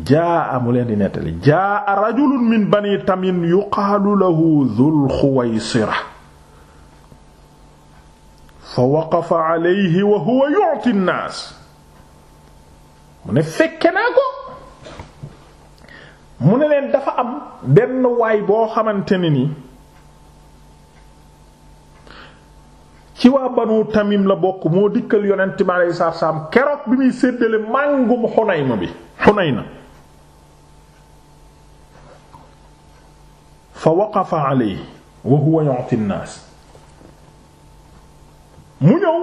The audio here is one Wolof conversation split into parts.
jaa mu leen di nettali jaa rajulun min bani tamim yuqaalu lahu dhul xuwaysira fa waqafa alayhi wa huwa yu'ti an-naas mu ne fekke naa ko mu ne leen dafa am benn waay boo xamante ne ni ci waa banu tamim la bokk moo dikkal yonent mi alayhi salaam keroog bi muy séddale màngum xunayma bi xunayna fa waqafa alayhi wa huwa yu'ti an-nas mu ñëw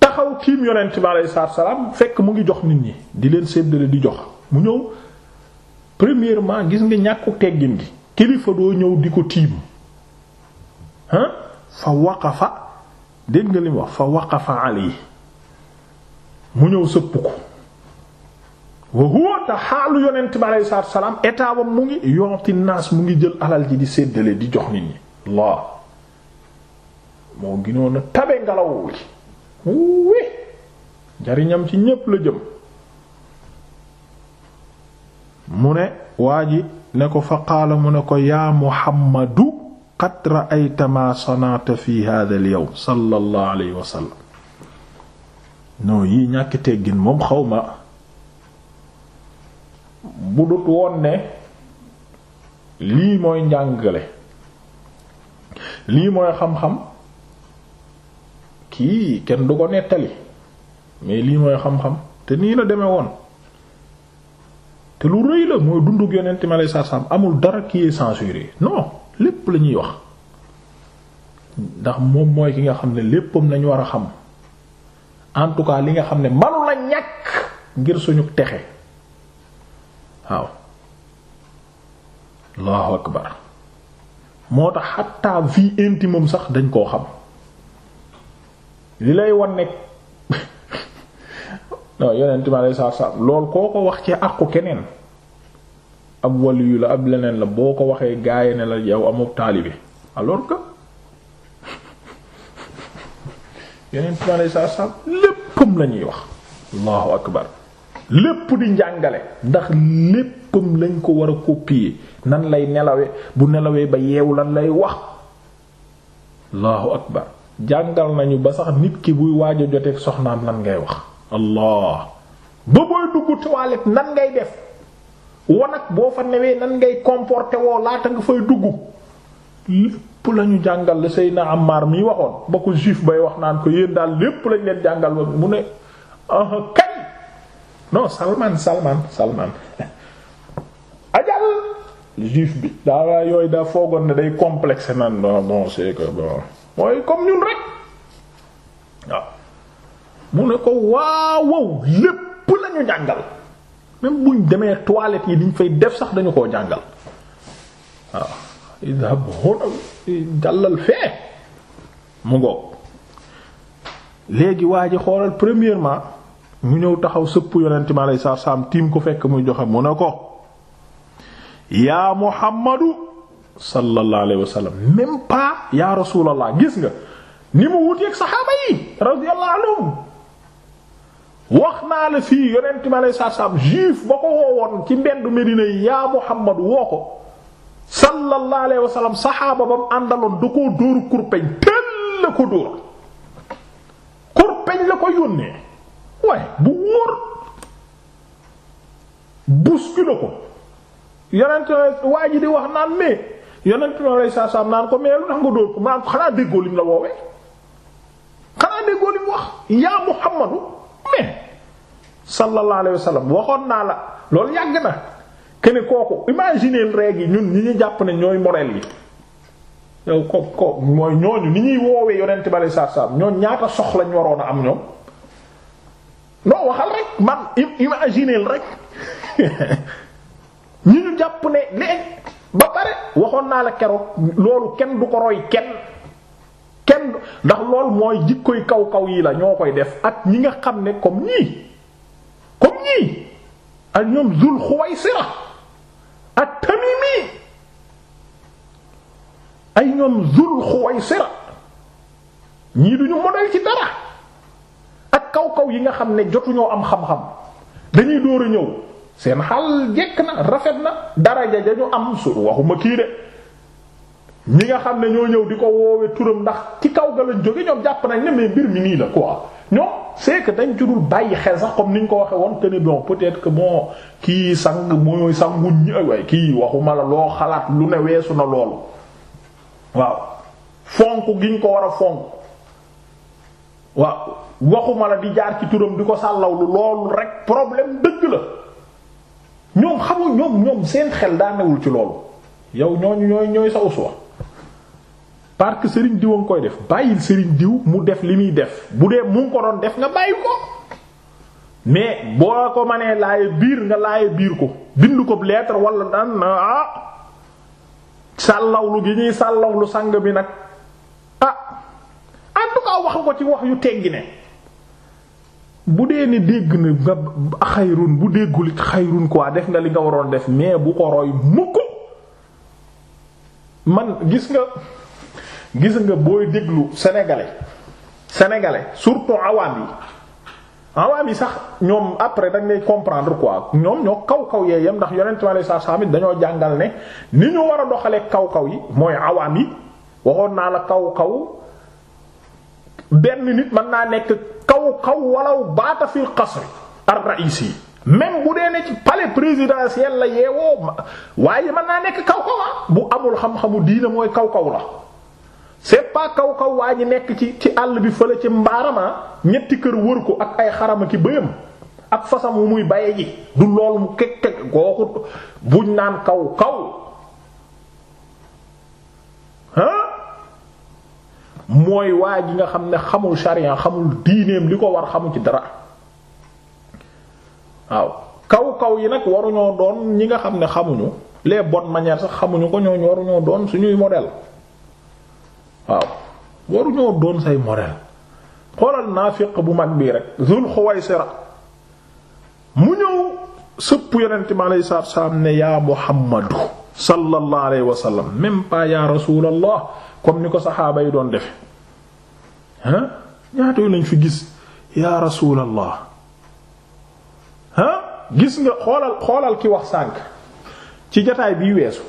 taxaw tiim yonent bi alayhi salaam fekk mu ngi jox nit ñi di leen séddale di jox mu ñëw premièrement gis nga ñàkku teggin gi kilifa doo ñëw di ko tiim ah fa waqafa dégg mu fa waqafa alayhi mu ñëw sëpp ko wa huwa te xaalu yonent bi aleyhi salaatu salaam état wam mu ngi yonti naas mu ngi jël alal ji di séddale di jox nit ñi Allah moo ginoon tabe ngelaw wi wi ci ñépp la jëm mu ne waa ji ne ko fa qaala mu ne ko yaa Muhammadu qad ra'ayta ma sana'ta fi hadha al-yawm sallallahu yii ñàkk teggin moom xaw ma bu dut woon ne lii mooy njàngale lii mooy xam-xam kii kenn du ko nettali mais lii mooy xam-xam te nii la demee woon te lu rëy la mooy dunduk yonent mi alayhi salaam amul dara kii est censuré non lépp la ñuy wax ndax moom mooy ki nga xam ne léppam nañu war a xam en tout cas li nga xam ne manu la ñàkk ngir suñu texe waaw allahu akbar moo tax xatta vie intime sax dañ koo xam li lay wan nekk non yeneen time lay lool koo ko wax ci àqu keneen ab waliyu la ab leneen la boo ko waxee gaaye ne la yow amut taalibe alors que yeneen time lay saaf saaf léppam lañuy wax allahu akbar lépp di njàngale ndax léppam lañ ko war a copier nan lay nelawe bu nelawee ba yeewu lan lay wax allahu akbar jàngal nañu ba sax nit ki buy waaj joteek joteeg soxnaam nan ngay wax allah ba booy dugg toilette nan ngay def wanak boo fa newee nan ngay comporté woo laata nga fay dugg lépp lañu jàngal la Seydina Ammar mi waxoon ba ko juif bay wax naan ko yéen daal lépp lañ leen jàngal ba mu ne ah, non salmaan Salman salmaan ajal juif bi daa yooyu da foogoon ne day complexe nan non bon c'est que bon mooy comme ñun rek waaw mu ne ko waawow lépp lañu jàngal même buñ demee toilettes yi diñ fay def sax dañu koo jàngal waaw idhab huna jàllal fee mu ngoog léegi waa ji xoolal premièrement mu ñëw taxaw sëpp yonent mi aleyhi salaatu salaam tiim ku fekk muy joxe mu ne ko yaa muhammadu sallallahu alayhi wa sallam même yaa rasulallah gis nga ni mu wuteeg saxaaba yi radiyallahu anhum wax naa la fii yonent mi aleyhi salaatu salaam juif ba ko woowoon ci mbendu Medina yi yaa muhammadu woo ko sallallahu alayhi wa sallam saxaaba ba mu àndaloon da koo dóoru kurpeñ tëll la ko dóor kurpeñ la ko yónnee waaye bu wóor bouscule ko yonent waa di wax naan mais yonent lay saa saa naan ko mais lu tax nga dóor ko naan ko xanaa déggoo lim la woowee xanaa déggoo lim wax yaa Muhammadu mais sallallahu alayhi wa sallam waxoon naa la loolu yàgg na kene kooku imaginer règle yi ñun ñi ñu jàpp ne ñooy modèle yi yow ko ko mooy ñooñu ni ñuy woowee yonent bi alei satu salaam ñoon ñaata soxlañ waroon a am ñoom non waxal rek man imagineel rek ñu ñu jàpp ne léegi ba pare waxoon naa la keroog loolu kenn du ko roy kenn kenn ndax loolu mooy jikkoy kaw kaw yi la ñoo koy def ak ñi nga xam ne comme ñii comme ñii ak ñoom Zul Xuwaysira ak Tamimi ay ñoom Zul Xuwaysira ñii duñu modèle ci dara ak kaw kaw yi nga xam ne jotuñoo am xam-xam dañuy door a ñëw seen xal jekk na rafet na daraja dañu am su waxuma kii de ñi nga xam ne ñoo ñëw di ko woowee turam ndax ci kaw ga lañ jóge ñoom jàpp nañ ne mais mbir mi nii la quoi ñoom c'est que dañ ci dul bàyyi xel sax comme ni ñu ko waxee woon que ne bon peut-être que bon kii sang mooy sanguñ ñi waaye kii waxuma la loo xalaat lu ne weesu na loolu waaw fonk gi ñu ko war a fonk. waaw waxuma la di jaar ci turam di ko sàllawlu loolu rek problème dëgg la ñoom xamu ñoom ñoom seen xel daa newul ci loolu yow ñooñu ñooy ñooy sa uswa parce que sëriñ diw koy def bàyyil sëriñ diw mu def li muy def bu dee mu ko doon def nga bàyyi ko mais boo ko mënee laaye biir nga laaye biir ko bind ko lettre walla daan ah sàllawlu gi ñuy sàllawlu sang bi nag wax ko ci wax yu teggi ne bu dee ne dégg na nga xayrun bu déggul xayrun quoi def nga li nga waroon def mais bu ko roy mukk man gis nga gis nga booy déglu sénégalais sénégalais surtout awaam yi awaam yi sax ñoom après dañ lay ko quoi ñoom ñoo kaw kaw yee yem ndax yonent sallallahu alayhi wasallam dañoo jàngal ne ni ñu war a doxalee kaw kaw yi mooy awaam yi waxoon naa la kaw kaw. benn nit mën naa nekk kaw kaw walaw baata fil qasri ar-ra'isi même bu dee ne ci palais présidentiel la yeewoo waaye mën naa nekk kaw kaw ah, bu amul xam-xamu diina mooy kaw kaw la. c'est kaw kaw waa ji nekk ci ci àll bi fële ci mbaarama ah, ñetti kër wër ko ak ay xarama ki bëyam ak fasam wu muy baye ji du lool mu kek kek gooxut buñ naan kaw kaw mooy waa ji nga xam ne xamul sharia xamul diineem li ko war xamul ci dara waaw kaw kaw yi nag waruñoo doon ñi nga xam ne xamuñu les bonnes manières sax xamuñu ko ñooñu waruñoo doon suñuy modèle waaw waruñoo doon say modèle xoolal naafiq bu mag bii rek Zul Xuwaysira mu ñëw sëpp yonent mi alayhi salaatu wa salaam ne yaa Muhammadu sallallahu alayhi wa sallam yaa Rasuulallah comme ni ko saxaaba yi doon defe ah ñaata lañ fi gis yaa rasuulallah ah gis nga xoolal xoolal ki wax sànk ci jataay bii weesu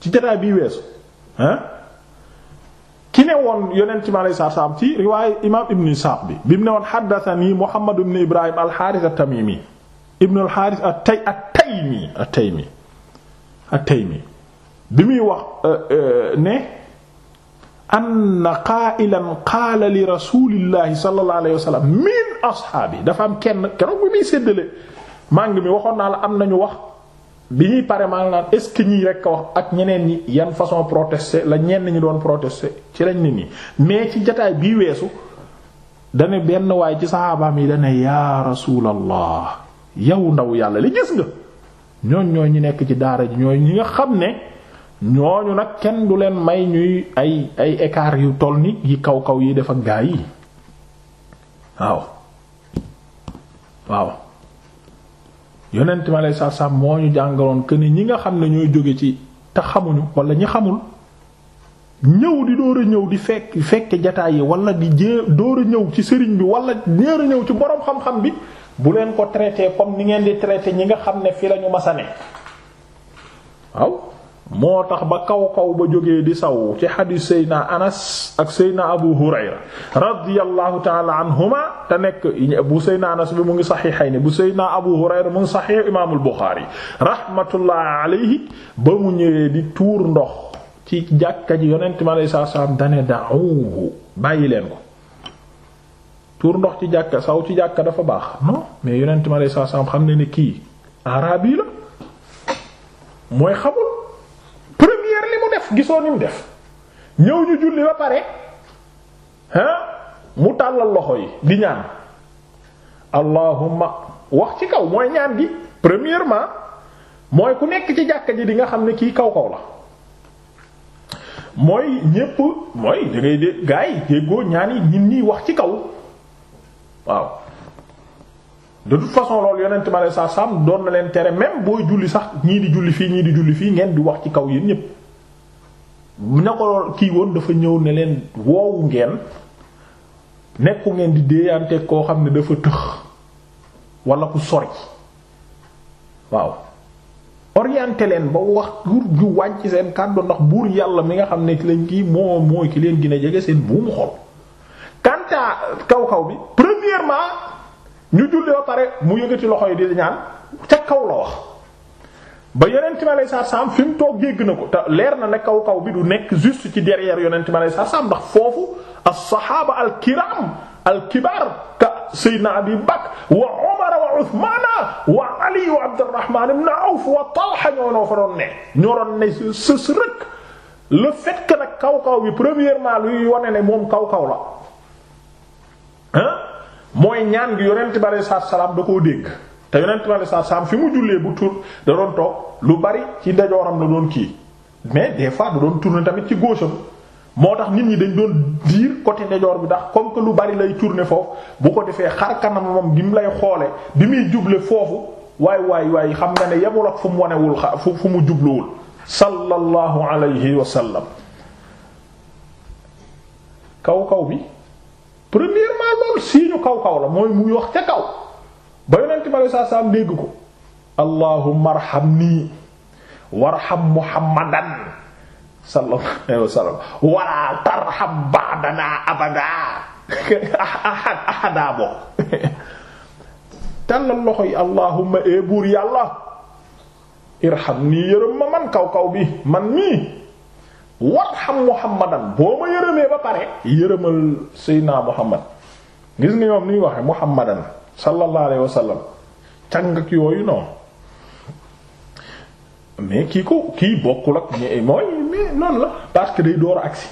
ci jataay bii weesu ah ki ne woon yonent ci alayhi salaatu salaam ci riwaayu imaam Ibn Isaaq bi bi mu ne woon haddathanii Muhammad ibn Ibrahim a haaris at-Tamiimi Ibn al-Haaris at-Tay at-Taymi at-Taymi bi muy wax euh, euh, ne. anna qaa'ilan qaala li rasuulillahi sallallahu alayhi wa sallam min ashaabi dafa am kenn keroog bi muy séddale màng mi waxoon naa la am nañu wax bi ñuy pare maa ngi naan est ce que ñii rek a wax ak ñeneen ñi yan façon protester la ñenn ñi doon protester ci lañ nit ñi mais ci jataay bii weesu dane benn waaye ci saxaabaam yi dane yaa rasuulallah yow ndaw yàlla li gis nga ñooñ ñooy ñi nekk ci daara ji ñooy ñi nga xam ne ñooñu nag kenn du leen may ñuy ay ay écart yu toll ni yi kaw kaw yi def ak gaa yi waaw waaw yonent ma lay sa sam moo ñu jàngaloon que ni ñi nga xam ne ñooy jóge ci te xamuñu wala ñi xamul ñëw di door a ñëw di fekk fekke jataay yi walla di jée door ñëw ci sëriñ bi wala ñeer ñëw ci borom xam-xam bi bu leen ko traité comme ni ngeen di traité ñi nga xam ne fi lañu masane waaw moo tax ba kaw kaw ba jógee di saw ci xadiis Seyna Anas ak Seyna Abu Hurayra radiyallahu taala anhuma te nekk bu Seyna Anas bi mu ngi saxiixayni bu Seyna Abu Hurayra mu ngi saxiix imaamul Buxaari rahmatullahi ba mu ñëwee di tuur ndox ci jàkka ji yonent mi alayhi salaam dane bàyyi leen ko tuur ndox ci jàkka saw ci jàkka dafa baax non mais yonent mi xam ne ne kii araab la mooy xamul. Iyas gisoo ni mu def ñëw ñu julli ba pare ah mu tàllal loxo yi di ñaan allahumma wax ci kaw mooy ñaan gi premièrement mooy ku nekk ci jàkka ji di nga xam ne kii kaw kaw la mooy ñépp mooy dangay ngay dé gaa yi déggoo ñaan yi nit ñi wax ci kaw waaw de toute façon loolu yonent ma lay sa sam doon na leen tere même booy julli sax ñii di julli fii ñii di julli fii ngeen di wax ci kaw yi ñépp na ko kii woon dafa ñëw ne leen woowu ngeen nekku ngeen di déeyante koo xam ne dafa tëx wala ku sori waaw orienté leen ba wax pour ñu wàññi seen kàddu ndax buur yàlla mi nga xam ne ki lañ kii moo mooy ki leen gën a jege seen buumu xol kanta kaw kaw bi premièrement ñu julli ba pare mu yëgati loxo yi di ñaan ca kaw la wax ba yonent ma lay saa saam fi mu toog dégg na ko te leer na ne kaw kaw bi du nekk juste ci derrière yonent ma lay saa saam ndax foofu as-saxaaba al-kiraam al-kibaar ka Seydina Abi Bakr wa Umar wa Usmaan wa Ali wa Abdurrahmaan ibn Awf wa Talha ñoo noo fa doon ne ñoo doon ne sës rek le fait que nag kaw kaw bi premièrement luy wane ne moom kaw kaw la ah mooy ñaan gi yonent ma lay saa salaam da koo dégg. te yonent bi saa saam fi mu jullee bu tur da doon toog lu bari ci ndejooram la doon kii mais des fois da doon tourner tamit ci gauche moo tax nit ñi dañ doon diir côté ndejoor bi ndax comme que lu bari lay tourner foofu bu ko defee xar kanam moom bi mu lay xoole bi muy juble foofu waaye waay waaye xam nga ne yemul ak fu mu wanewul xa fu mu jubluwul sallallahu alayhi wa sallam kaw kaw bi premièrement loolu siiñu kaw kaw la mooy muy wax ca kaw ba yonent bi aleyhi salaatu salaam dégg ko allahumma arhamni warham muhammadan sallallahu alayhi wasallam wala tarham ba'dana abada ahad ahada loxo yi allahumma ee buur yàlla irham nii yërëm ma man kaw kaw bi man nii warham muhammadan boo ma yërëmee ba pare yërëmal seydinaa muhammad gis nga ñoom ni ñu waxe muhammadan sallallahu alayhi wasallam càng ak yooyu noonu mais kii ko kii bokkul ak mooy mais noonu la parce que day door agsi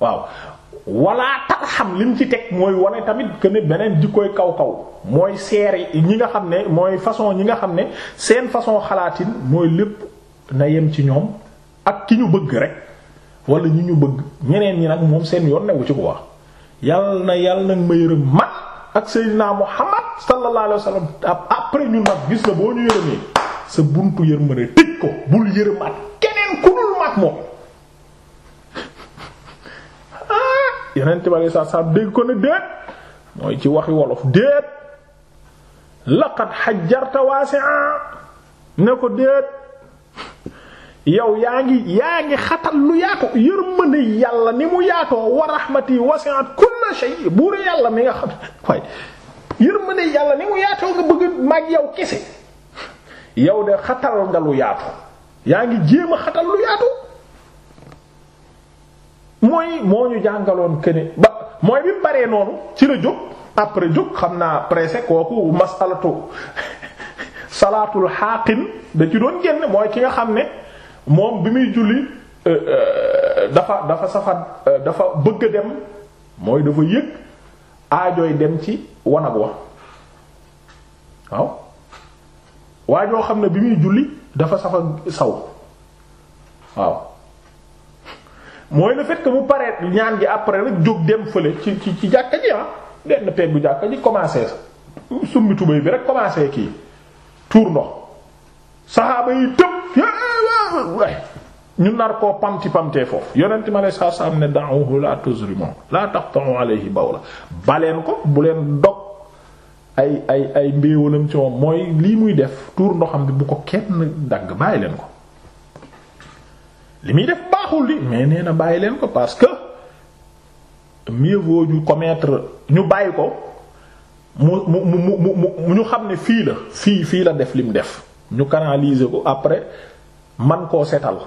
waaw wala tarxam lim ci teg mooy wane tamit que ne beneen jikkooy kaw kaw mooy seere ñi nga xam ne mooy façon ñi nga xam ne seen façon xalaatin mooy lépp na yem ci ñoom ak ki ñu bëgg rek wala ñu ñu bëgg ñeneen ñi nag moom seen yoon newu ci ko wax yal na yal na ma yërëm man ak Seydina Muhammad sallallahu alayhi wa sallam après ñun nag gis na boo ñu yërëmee sa buntu yërmande tëj ko bul yërëmaat keneen ku dul mag moom yeneen tibali saa saa dégg ko ne déet mooy ci waxi wolof déet laqad xajjarta waasi'a ne ko déet yow yaa ngi yaa ngi xatal lu yaatoo yërmande yàlla ni mu yaatoo wa rahmati wasi'at kulla shay buur yàlla mi nga xam waaye yërmande yàlla ni mu yaatoo nga bëgg mag yow kese yow de xatal nga lu yaatoo yaa ngi jéem a xatal lu yaatoo mooy moo ñu jàngaloon këne ba mooy bi mu noonu ci la jóg après jóg xam naa pressé kooku masalatu salaatul xaaqin da ci doon génn mooy ki nga xam ne moom bi muy julli euh, euh, dafa dafa safat euh, dafa bëgg a dem mooy dafa yëg aajooy dem ci wanag wa waaw waa joo xam ne bi muy julli dafa safa saw waaw mooy le fait bu mu paree ñaan gi après rek jóg dem fële ci ci ci jàkka ji ah benn peggu jàkka ji commencé sumbi tubéy bi rek commencé kii tuur ndox saxaaba yi tëb ñu nar koo pamti pamtee foofu yonent ma lay saa saam ne da'uhu laa tuzrimu la taqta'u alayhi bawla baleen ko bu leen dog ay ay ay mbéewalam ci moom mooy lii muy def tuur ndoxam bi bu ko kenn dagg bàyyi leen ko li muy def baaxul li mais nee na bàyyi leen ko parce que mieux vaut ñu commettre ñu bàyyi ko mu mu mu mu mu ñu xam ne fii la fii fii la def lim def ñu canaliser ko après man koo setal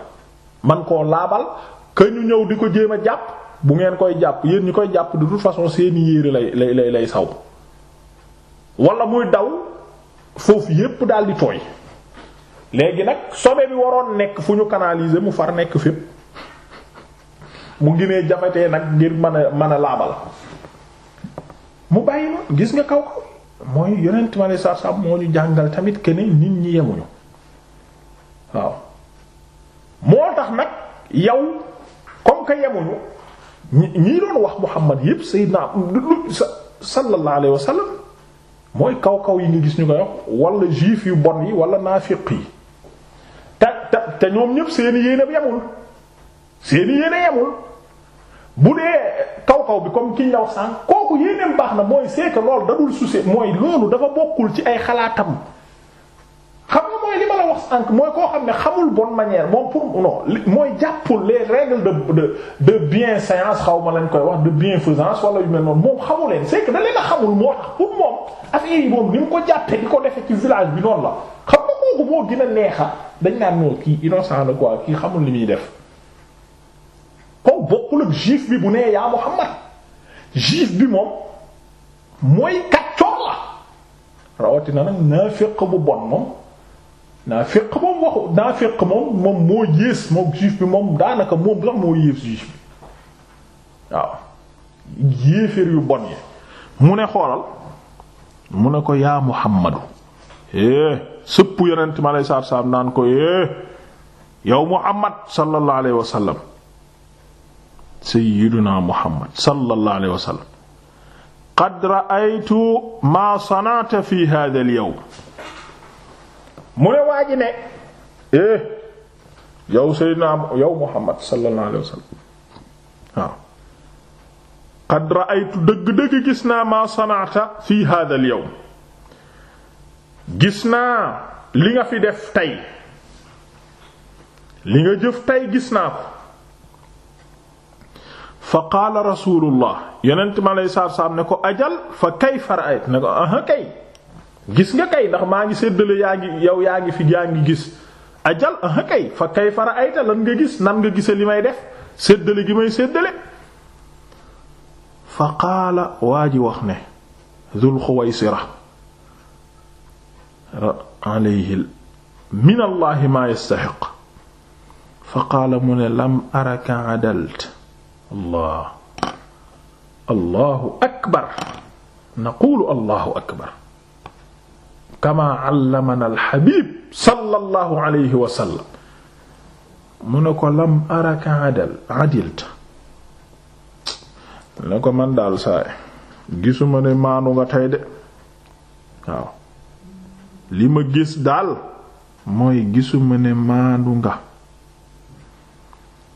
man koo laabal que ñu ñëw di ko jéem a jàpp bu ngeen koy jàpp yéen ñu koy jàpp de toute façon seeni yéere lay lay lay saw wala muy daw foofu yépp daal di tooy léegi nag sobe bi waroon nekk fu ñu canaliser mu far nekk fépp mu ginee jafetee nag ngir mën a mën a laabal mu bàyyi ma gis nga kaw kaw mooy yonent ma ne moo ñu jàngal tamit que ni nit ñi yemuñu waaw moo tax nag yow comme que yemuñu ñi ñi doon wax Muhammad yépp sayyidna sallallahu alayhi wa sallam mooy kaw kaw yi nga gis ñu koy wax wala juif yu bon yi wala naafiq yi te te te ñoom ñépp seen yéene yemul seen yéene yemul. bu dee kaw kaw bi comme kiñ la wax sànq kooku yéeneem baax na mooy c'est lool dadul souci mooy loolu dafa bokkul ci ay xalaatam. xam nga mooy li ma la wax sànq mooy koo xam ne xamul bonne manière moom pour mooy jàppul les règles de de de xaw ma lañ koy wax de bienfaisance wala yu mel noonu moom xamu leen c'est xamul moo tax pour moom affaire yi moom ni mu ko jàppee di ko defee ci village bi noonu la xam nga kooku moo gën a neexa dañ naan ñëw kii innocent la quoi kii xamul li muy def. kooku bokkul ak juif bi bu nee yaa Muhammad juif bi moom mooy kaccoor la rawatina nag naafiq bu bon moom naafiq moom waxu naafiq moom moom moo yées moom juif bi moom daanaka moom sax moo yées juif bi waaw yéeféer yu bon yi mu ne xoolal mu ne ko yaa Muhammadu eh sëpp yonent mi aleyhi salaatu naan ko eh yow Muhammad sallallahu alayhi wa sayyiduna muhammad sallallahu alayhi wa qad ra'aytu maa sana'ta fi hadha al mu ne waa ji ne eh yow muhammad sallallahu alayhi wa qad ra'aytu dëgg-dëgg gis naa maa sana'ta fi hadha al-yawm naa li nga fi def tey li nga jëf tey gis naa fa qaala rasulullah yonent ma lay saar saam ne ko ajal fa kay fara'ayt ne ko aha kay gis nga kay ndax maa ngi séddale yaa ngi yow yaa ngi fi yaa ngi gis ajal aha kay fa kay fara'ayta lan nga gis nan nga gise li may def seddale gi may séddale fa qaala waa wax ne dhul xuwaysira alayhi min allahi ma yastaxiq fa qaala mu ne lam araka adalt allah allahu akbar naqulu allahu akbar kama allamana alxabib sallallahu alayhi wa sallam mu ne ko lam araka adal adilta ne ko man daal saay gisuma ne maanu nga tey de waaw li ma gis daal mooy gisuma ne maanu nga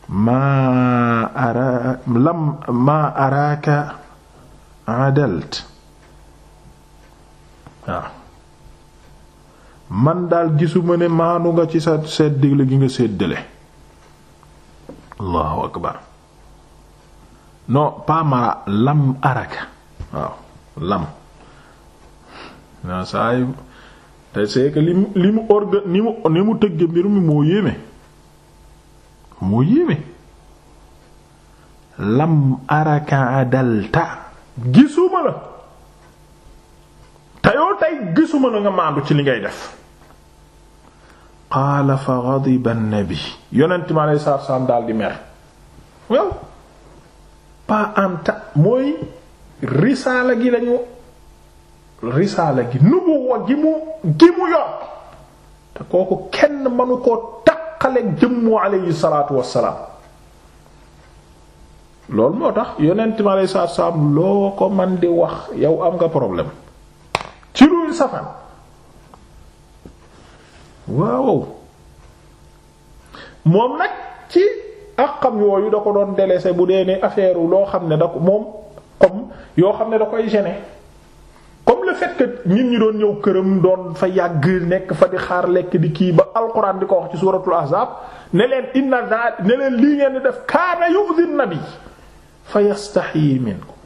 maa ara lam maa araaka adalt waaw man daal gisuma ne maanu nga ci sa seddale gi nga séddale allahu akbar non pas lam araka waaw lam naa saa yi te c'est li mu li mu orga ni mu ni mu tëgge mbir mi moo yéeme moo yéeme lam araka adalta gisuma la te yoo tey gisuma la nga maandu ci li ngay def qaala fa ghadiba an-nabi yonent mi aleyhi salaatu salaam daal di mer waaw pa anta mooy risaala gi lañu risaala gi nubuwa gi mu gi mu yor te kooku kenn manu koo tax taqaleeg jëmmu aleyhi salaatu wassalaam loolu moo tax yonent mi aleyhi salaatu wassalaam loo ko man di wax yow am nga problème ci luy safan waaw moom nag ci àqam yooyu da ko doon délaisser bu dee ne affaire loo xam ne da ko moom comme yoo xam ne da koy gene comme le fait que nit ñi doon ñëw këram doon fa yàgg nekk fa di xaar lekk di kii ba alquran di ko wax ci suuratul ahzaab ne leen inna ne leen lii ngeen di def kaana yu'dhi nabi fa yastaxyi minkum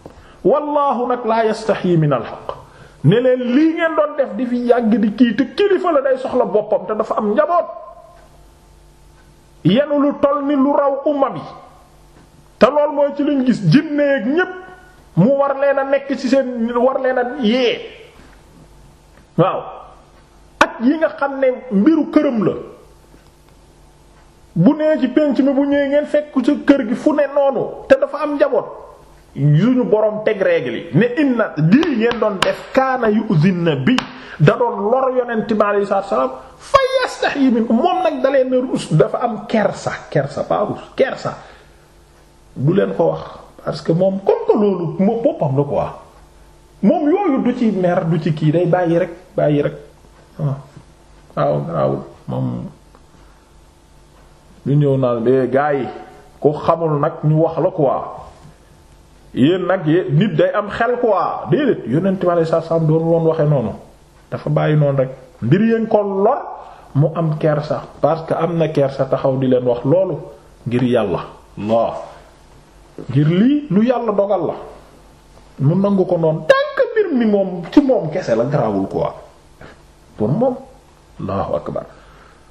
wallahu nag laa yastaxyi min alxaq ne leen lii ngeen doon def di fi yàgg di kii te kilifa la day soxla boppam te dafa am njaboot yenu lu toll ni lu raw umma bi te lool mooy ci luñ gis jinne ak ñépp mu war leen a nekk ci seen war leen a yee waaw ak yi nga xam ne mbiru këram la bu nee ci penc mi bu ñëwee ngeen fekku ci kër gi fu ne noonu te dafa am njaboot yuñu boroom teg règle yi ne inna lii ngeen doon def kaana yu'zin nabi da doon lor yonent bi alayhi salaatu salaam fa yastahi min moom nag da leen ruus dafa am kersa kersa pas ruus kersa du leen ko wax parce que moom comme que loolu moom boppam la quoi moom yooyu du ci mer du ci kii day bàyyi rek bàyyi rek ah waaw garaawul moom lu ñëw naan be gaa yi ku xamul nag ñu wax la ko quoi yéen nag nit day am xel quoi déedéet yonent ma lay sa sam doon loon waxe noonu dafa bàyyi noonu rek mbir yeen ko lor mu am kersa parce que am na kersa taxaw di leen wax loolu ngir yàlla laa ngir lii lu yàlla dogal la mu nangu ko noonu tànk mbir mi moom ci moom kese la garaawul quoi pour moom allahu akbar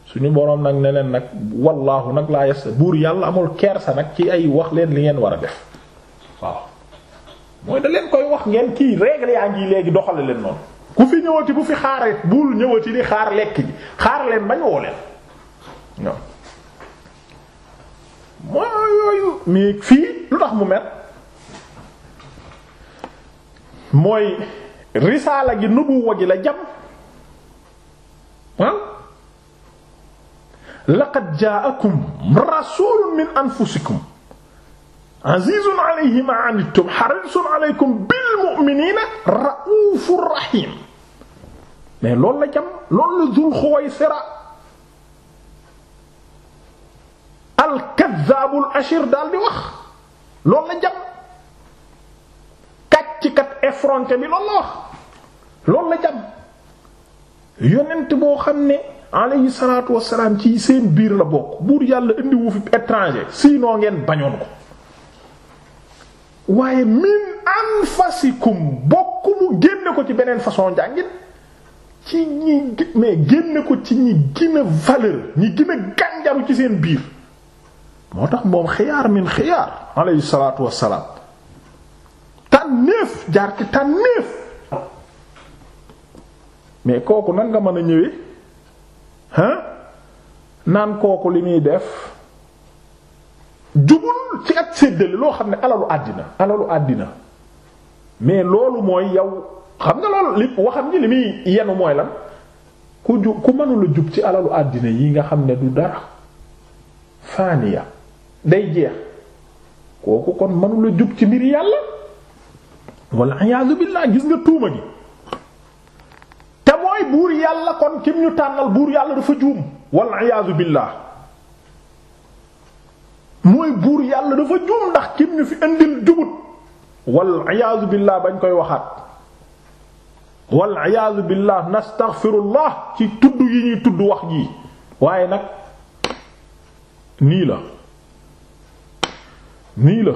suñu boroom nag ne leen nag wallaahu nag laa sa buur yàlla amul kersa nag ci ay wax leen li ngeen war a def waaw mooy da leen koy wax ngeen kii règle yaa ngi léegi doxale leen noonu ku fi ñëwati bu fi xaaree bul ñëwati di xaar lekk ji xaar leen bañ woo leen mooy yooyu mais fii lu tax mu met mooy risaala gi nubuwa gi la jam waaw laqad ja'akum rasulun min anfusikum azizun alayhi ma anittum harisun alaykum bil mu'minina raufur rahim mais loolu la jam loolu la Dul Xuwaysira alkadaabul ashir daal di wax loolu la jam kàccikat effronté bi loolu la wax loolu la jam yonent boo xam ne alayhi salaatu wassalaam ci seen biir la bokk buur yàlla indiwu fi étranger sinon ngeen bañoon ko waaye min anfasikum bokk mu génne ko ci beneen façon njàngin ci ñi mais génne ko ci ñi gën valeur ñi gën gànjaru ci seen biir moo tax moom xiyaar min xiyaar alayhi salaatu wassalaam tànnéef jaar ci tànnéef mais kooku nan nga mën a ñëwee hein naan kooku li muy def jubul ci ak séddale loo xam ne alalu àddina alalu àddina mais loolu mooy yow xam nga loolu li waxam ni li muy yenu mooy lan ku ju ku mënula jub ci alalu àddina yi nga xam ne du dara faaniya day jeex kooku kon mënula jub ci mbir yàlla walla iyaazu billaah gis nga tuuma gi te mooy buur yàlla kon kim ñu tànnal buur yàlla dafa juum walla iyaazu billaah mooy buur yàlla dafa juum ndax kim ñu fi indil jubut walla iyaazu billaah bañ koy waxaat walla iyaazu billaah nastaghfirullah ci tudd yi ñuy tudd wax ji waaye nag nii la nii la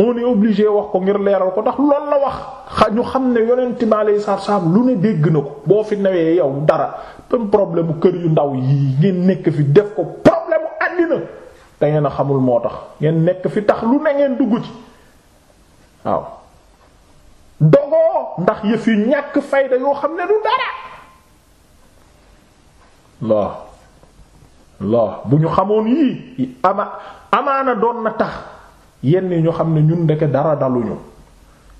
on est obligé wax ko ngir leeral ko ndax loolu la wax xa ñu xam ne yonent bi alayhi salaam lu ne dégg na ko boo fi newee yow dara même problème kër yu ndaw yi ngeen nekk fi def ko problème mu àddina te a xamul moo tax ngeen nekk fi tax lu ne ngeen dugg ci waaw. dogoo ndax yëf ñàkk fayda yoo xam ne du dara loo loo bu ñu xamoon yii ama amaana doon na tax. yenn ñu xam ne ñun ndeke dara daluñu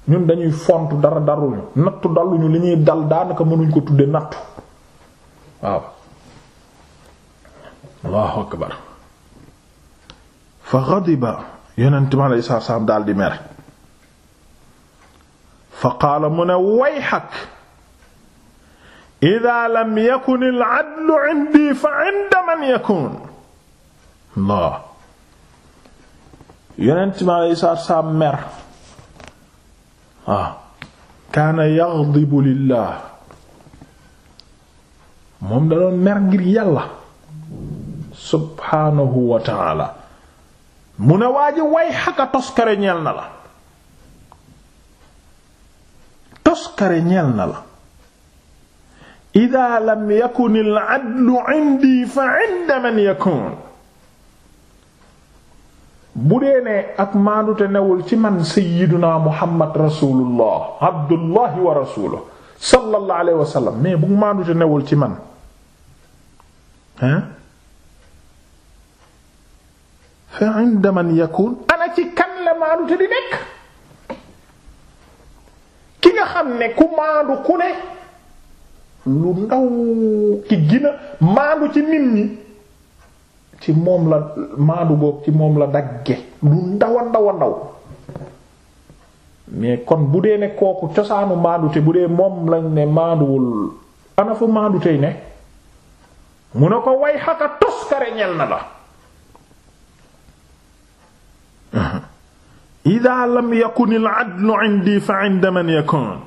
ñun dañuy font dara daluñu nattu daluñu li ñuy dal daanaka mënuñ ko tudde nattu waaw allahu akbar fa ghadiba yonent ma lay saar saam daldi mere fa qaala mu ne wayhak ida lam yakun al adlu indi fa man yakun allah yonent mi aleyhi salaatu salaam mer waaw ah. kaana yaghdibu lillah moom da doon mer ngir yàlla subhaanahu wa taala mu ne waa ji way xaka toskare ñeel na la toskare ñeel na la ida lam yakun al adlu indi fa inda man yakun bu dee ne ak maandute newul ci man sayyiduna muhammad rasulullah abdullahi wa rasuluh sallallahu alayhi wa sallam mais bu maandute newul ci man hein fa inda man yakun ana ci kan la maandute di nekk ki nga xam ne ku maandu ku ne lu ndaw ki gina maandu ci nit ñi ci moom la maadu boobu ci moom la dagge lu ndaw a ndaw a ndaw mais kon bu dee ne kooku cosaanu maadute bu dee moom lañ ne maaduwul ana fu maadu tey ne mu ne ko way xaka toskare ñel na la ida lam yakun al adlu indi fa inda man yakun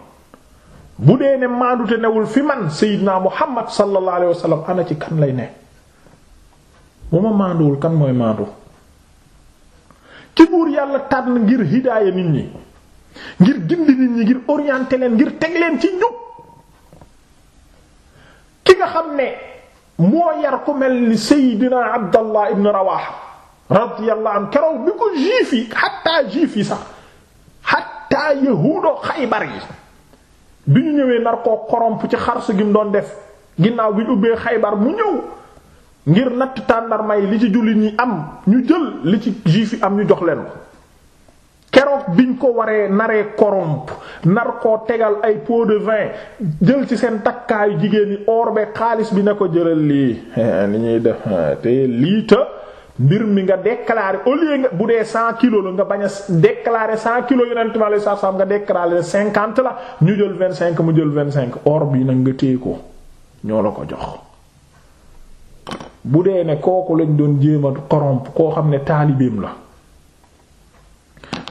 bu dee ne maadute muhammad sallallahu alayhi ana ci kan lay ne bu ma maanduwul kan mooy maandu ci buur yàlla tànn ngir hidaaya nit ñi ngir gindi nit ñi ngir orienter leen ngir teg leen ci njub ki nga xam ne moo yar ku mel ni Seydina Abdallah ibn Rawaha radiyallahu anhu keroog bi ko juif yi xatta juif yi sax xatta yahuudoo Xaybar yi bi ñu ñëwee nar koo corrompre ci xars gi mu doon def ginnaaw bi ñu ubbee Xaybar mu ñëw ngir natt tàndarma yi li ci jullit ñi am ñu jël li ci juif yi am ñu jox leen ko keroog biñ ko waree naree corrompre nar ko tegal ay pot de vin jël ci seen takkaayu jigéen ñi or beeg xaalis bi ne ko jëlal lii ni ñuy def te lii te mbir mi nga déclarer au lieu nga bu dee cent kilo la nga bañ a cent kilos yeneen tamit saa saa nga déclarer cinquante la ñu jël vingt cinq mu jël vingt cinq or bi nag nga téye ko ñoo la ko jox. bu dee ne kooku lañ doon jéem a koo xam ne taalibeem la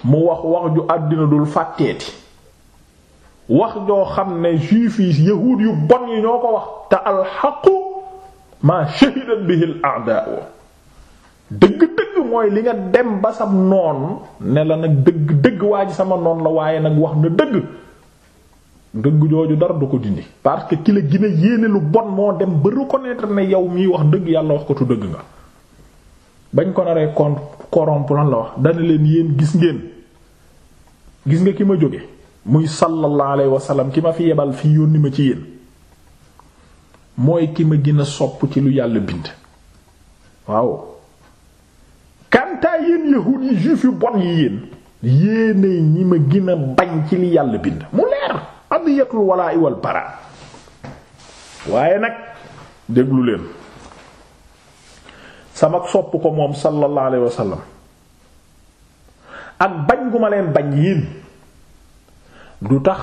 mu wax wax ju àddina dul fàtteeti wax joo xam ne juif yi yahuud yu bon yi ñoo ko wax te alxaqu ma shahidat bihi al dëgg-dëgg mooy li nga dem ba sam noon ne la nag dëgg dëgg waa ji sama noon la waaye nag wax na dëgg dëgg jooju dara du ko dindi parce que ki la gën a yéene lu bon moo dem ba reconnaître ne yow mii wax dëgg yàlla wax ko tu dëgg nga bañ ko naree kon corrompre lan la wax dana leen yéen gis ngeen gis nga ki ma jóge muy sallallahu alayhi wa sallam ki ma fi yebal fi yónni ma ci yéen mooy ki ma gën a sopp ci lu yàlla bind waaw kantaa yéen yahuud yi juif yu bon yi yéen yéene ñi ma gin a bañ ci li yàlla bind mu leer adiyatul walaa'i wal bara waaye nag déglu leen sama sopp ko moom sallallahu alayhi wa sallam ak bañ gu ma leen bañ yiin du tax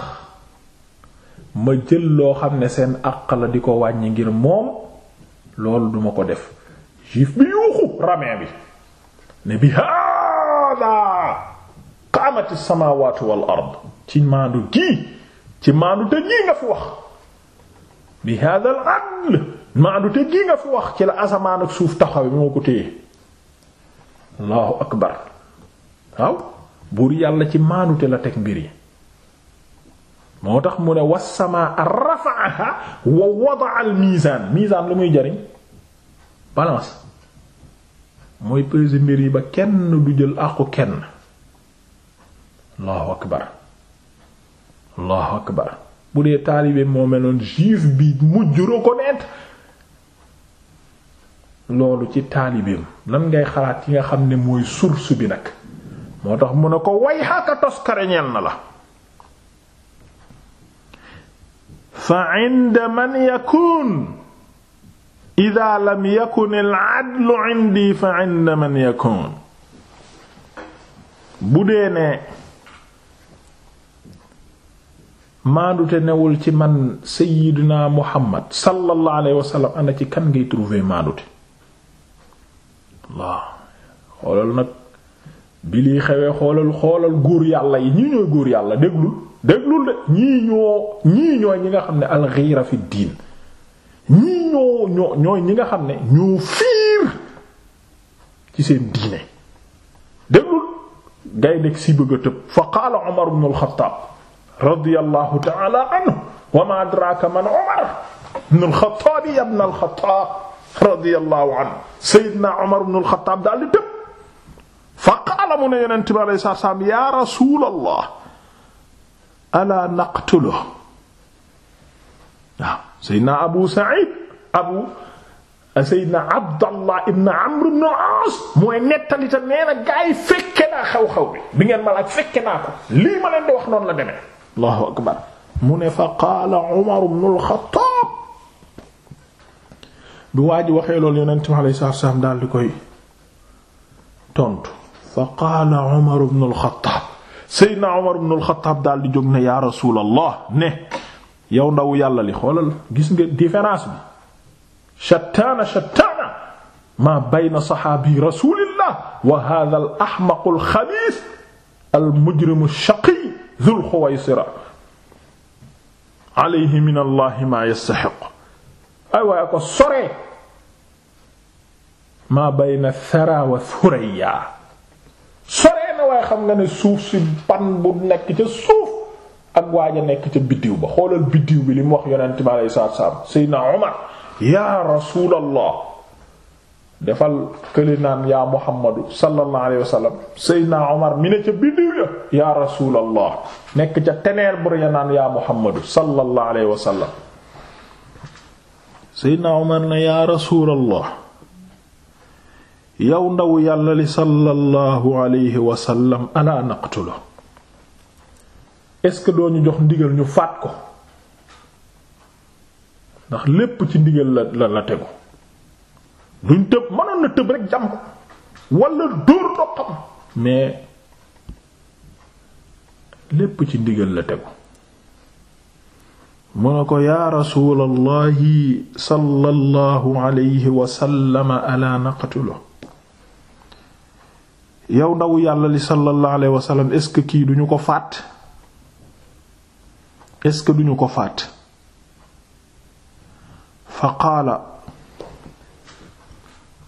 ma jël loo xam ne seen àq la di ko wàññi ngir moom loolu duma ko def juif bi yuuxu ramin bi ne bi hàddaa qaamati samaawaatu wal ard ci maandu gii ci maandu te nga fi wax bi hada al adl maandu nga fi wax ci la asamaan ak suuf taxawe moo ko téye allahu akbar waaw buur yàlla ci maandu te la teg mbir yi moo tax mu ne wassamaa rafa'aha wa wada'a al mizaan lu muy jariñ balance mooy peser mbir yi ba kenn du jël àqu kenn allahu akbar allahu akbar bu dee taalibe moo meloon juif bi mujj reconnaître loolu ci taalibeem lan ngay xalaat ci nga xam ne mooy source bi nag moo tax mu ne ko way xaaka toskare ñeel na la fa inda man yakun ida lam yakun al adlu fa man yakun bu dee ne maandute newul ci man sayyidina muhammad sallallahu alayhi wa sallam ana ci kan ngay trouver maandute waaw xoolal nag bi liy xewee xoolal xoolal góor yàlla yi ñii ñooy góor yàlla déglul déglul de ñii ñoo ñii ñooy ñi nga xam ne alxiira fi diin ñii ñoo ñoo ñooy ñi nga xam ne ñoo fiir ci seen diine déglul gaynde si bëgg a tëb fa qaala Umar ibn al radiyallahu ta'ala anhu wa ma adraka man Umar ibn al-Khattab ya ibn al-Khattab radiyallahu anhu Seydina Umar ibn al-Khattab daal di tëb fa qaala mu ne yonent bi alayhi salaam ya rasulallah ala naqtulu waaw Seydina Abu Sa'id Abu Seydina Abdallah ibn Amr ibn al-As mooy nettali te nee na gaa yi fekke naa xew-xew bi bi ngeen ma laaj fekke naa ko lii ma leen di wax noonu la demee. allahu akbar mu ne fa qaala Umar ibn al-Khattab bi waa ji waxee loolu yonent mi alayhi salaatu salaam daal di koy tontu fa qaala Umar ibn al-Khattab Seydina Umar ibn al-Khattab daal di jóg ne yaa Rasuulallah ne yow ndaw yàlla li xoolal gis nga différence bi shattaana shattaana maa bayna saxaabi Rasuulillah wa haadha al-ahmaq al-xabiis al-mujrim ash-shaqi Zul Xuwaysira alayhi min allahi ma yastaxiq ay waaye ko soree maa bayna thara wa thuraya soree na waaye xam nga ne suuf si ban bu nekk ca suuf ak waaj a nekk ca biddiw ba xoolal biddiw bi li mu wax yonent bi alayhi salaatu wa salaam Seydina Umar yaa rasuulallah defal këli naan yaa muhammadu sallallahu alayhi wa sallam seydna mi ne ca biddiw ya yaa rasuulallah nekk ca teneel bur ya naan yaa muhammadu sallallahu alayhi wa sallam seydna omar yaa rasuulallah yow ndaw yàlla li sallallahu alayhi wa sallam ala ce que doo ñu jox ndigal ñu faat ko ndax lépp ci ndigal la la tegu duñ tëb mënoon na tëb rek jam ko wala dóor doxam mais lépp ci ndigal la tegu mu ne ko yaa rasulallahi sallallahu alayhi wasallama ala naqtulo yow ndaw yàlla li sallallahu alayhi wasallam est-ce que kii duñu ko faat est-ce que duñu ko faat fa qaala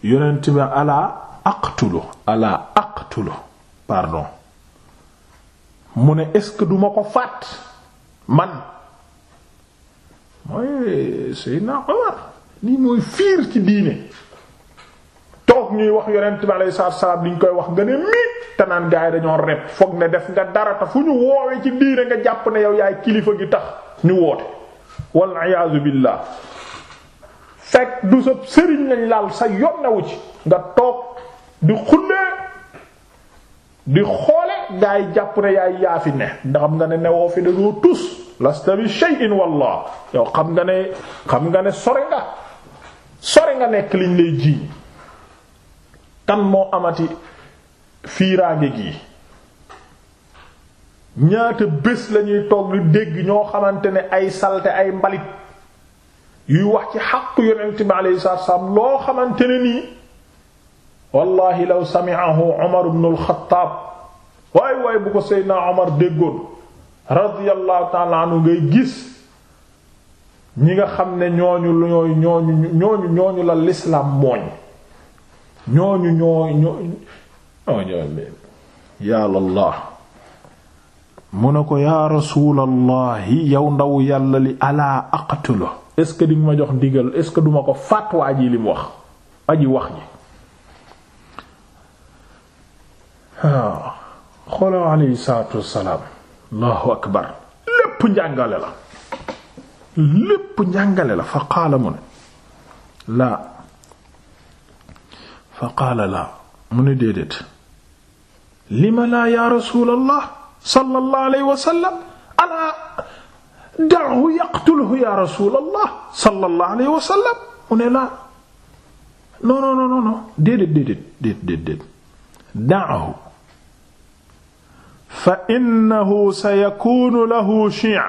yonent bi alaa aqtulu alaa aqtulu pardon mu ne est-ce duma ko fàtt man mooy Seydina Omar lii mooy fiir ci diine toog ñuy wax yonent bi alayhi salaatu salaam liñ koy wax nga ne miit te naan gaa yi dañoo rep foog ne def nga dara fu ñu woowee ci diine nga jàpp ne yow yaay kilifa gi tax ñu woote wal iyaazu billaah fekk du sa sëriñ lañ laal sa yoon yonnewu ci nga toog di xullee di xoole gaa yi yaa fi ne ndaxam nga ne newoo fi da doo tus lasta bi shay'in wallah yow xam nga ne xam nga ne sore nga sore nga nekk liñ lay jiiñ kan moo amati fiiraange gi ñaata bés lañuy toog di dégg ñoo xamante ne ay salte ay mbalit yuy wax ci xaq yonent bi alayhi salaatu wassalaam loo xamante ne nii wallahi law sami'ahu Umar ibn al-Khattab waay bu ko Seydina Umar déggoon radiyallahu ta'ala anhu ngay gis ñi nga xam ne ñooñu ñooy ñooñu ñooñu ñooñu la lislaam mooñ ñooñu ñoo mu ne ko yaa rasuulallahi yow ndaw yàlla li alaa aqtulu est ce ma jox ndigal est duma ko faat waa ji li mu wax aji wax ji waaw ah, xoolal alayhi salaatu wassalaam allahu akbar lépp njàngale la lépp njàngale la fa qaala mu laa fa qaala laa mu ne déedéet lima laa yaa rasuulallah sallallahu alaa da'hu yaqtulhu ya rasulallah sallallahu alayhi wa sallam mu ne la non non non non déedéet déedéet déedéet déedéet da'hu fa innahu sayakunu lahu shi'a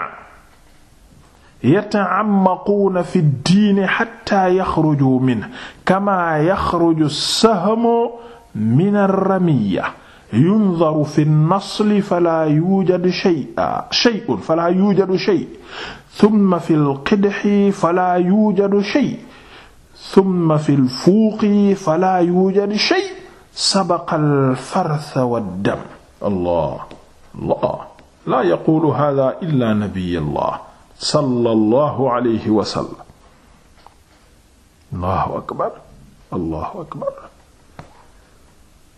yata'ammaquuna fi diini hatta yaxruju minhu kama yaxruju as-sahmu min ar-ramiyya yunzaru fi nasli falaa yujadu shay'a shay'un falaa yujadu shay thumma fi lqidxi falaa yujadu shay thumma fi lfuuqi falaa yujadu shay sabaqa alfarsa waddam allah allah laa yaqulu hada illa nabiyullah sallallahu alayhi wa sallam allahu akbar allahu akbar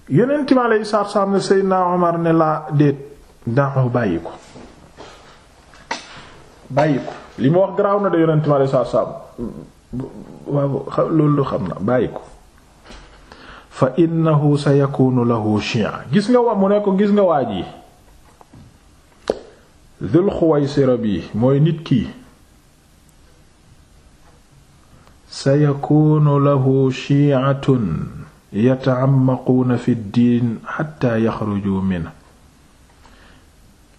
yeneen time alay saab saab ne Seydina Omar ne laa déet daaxu bàyyi ko bàyyi ko li mu wax garaaw na de yeneen time alay saab saab waaw loolu xam na bàyyi ko fa innahu sayakunu lahu shi'a gis nga gis nga waaj yi Dhul Khuwaysira bi mooy nit kii sayakunu lahu shi'atun yata'ammaquuna fi diin xatta yaxruju na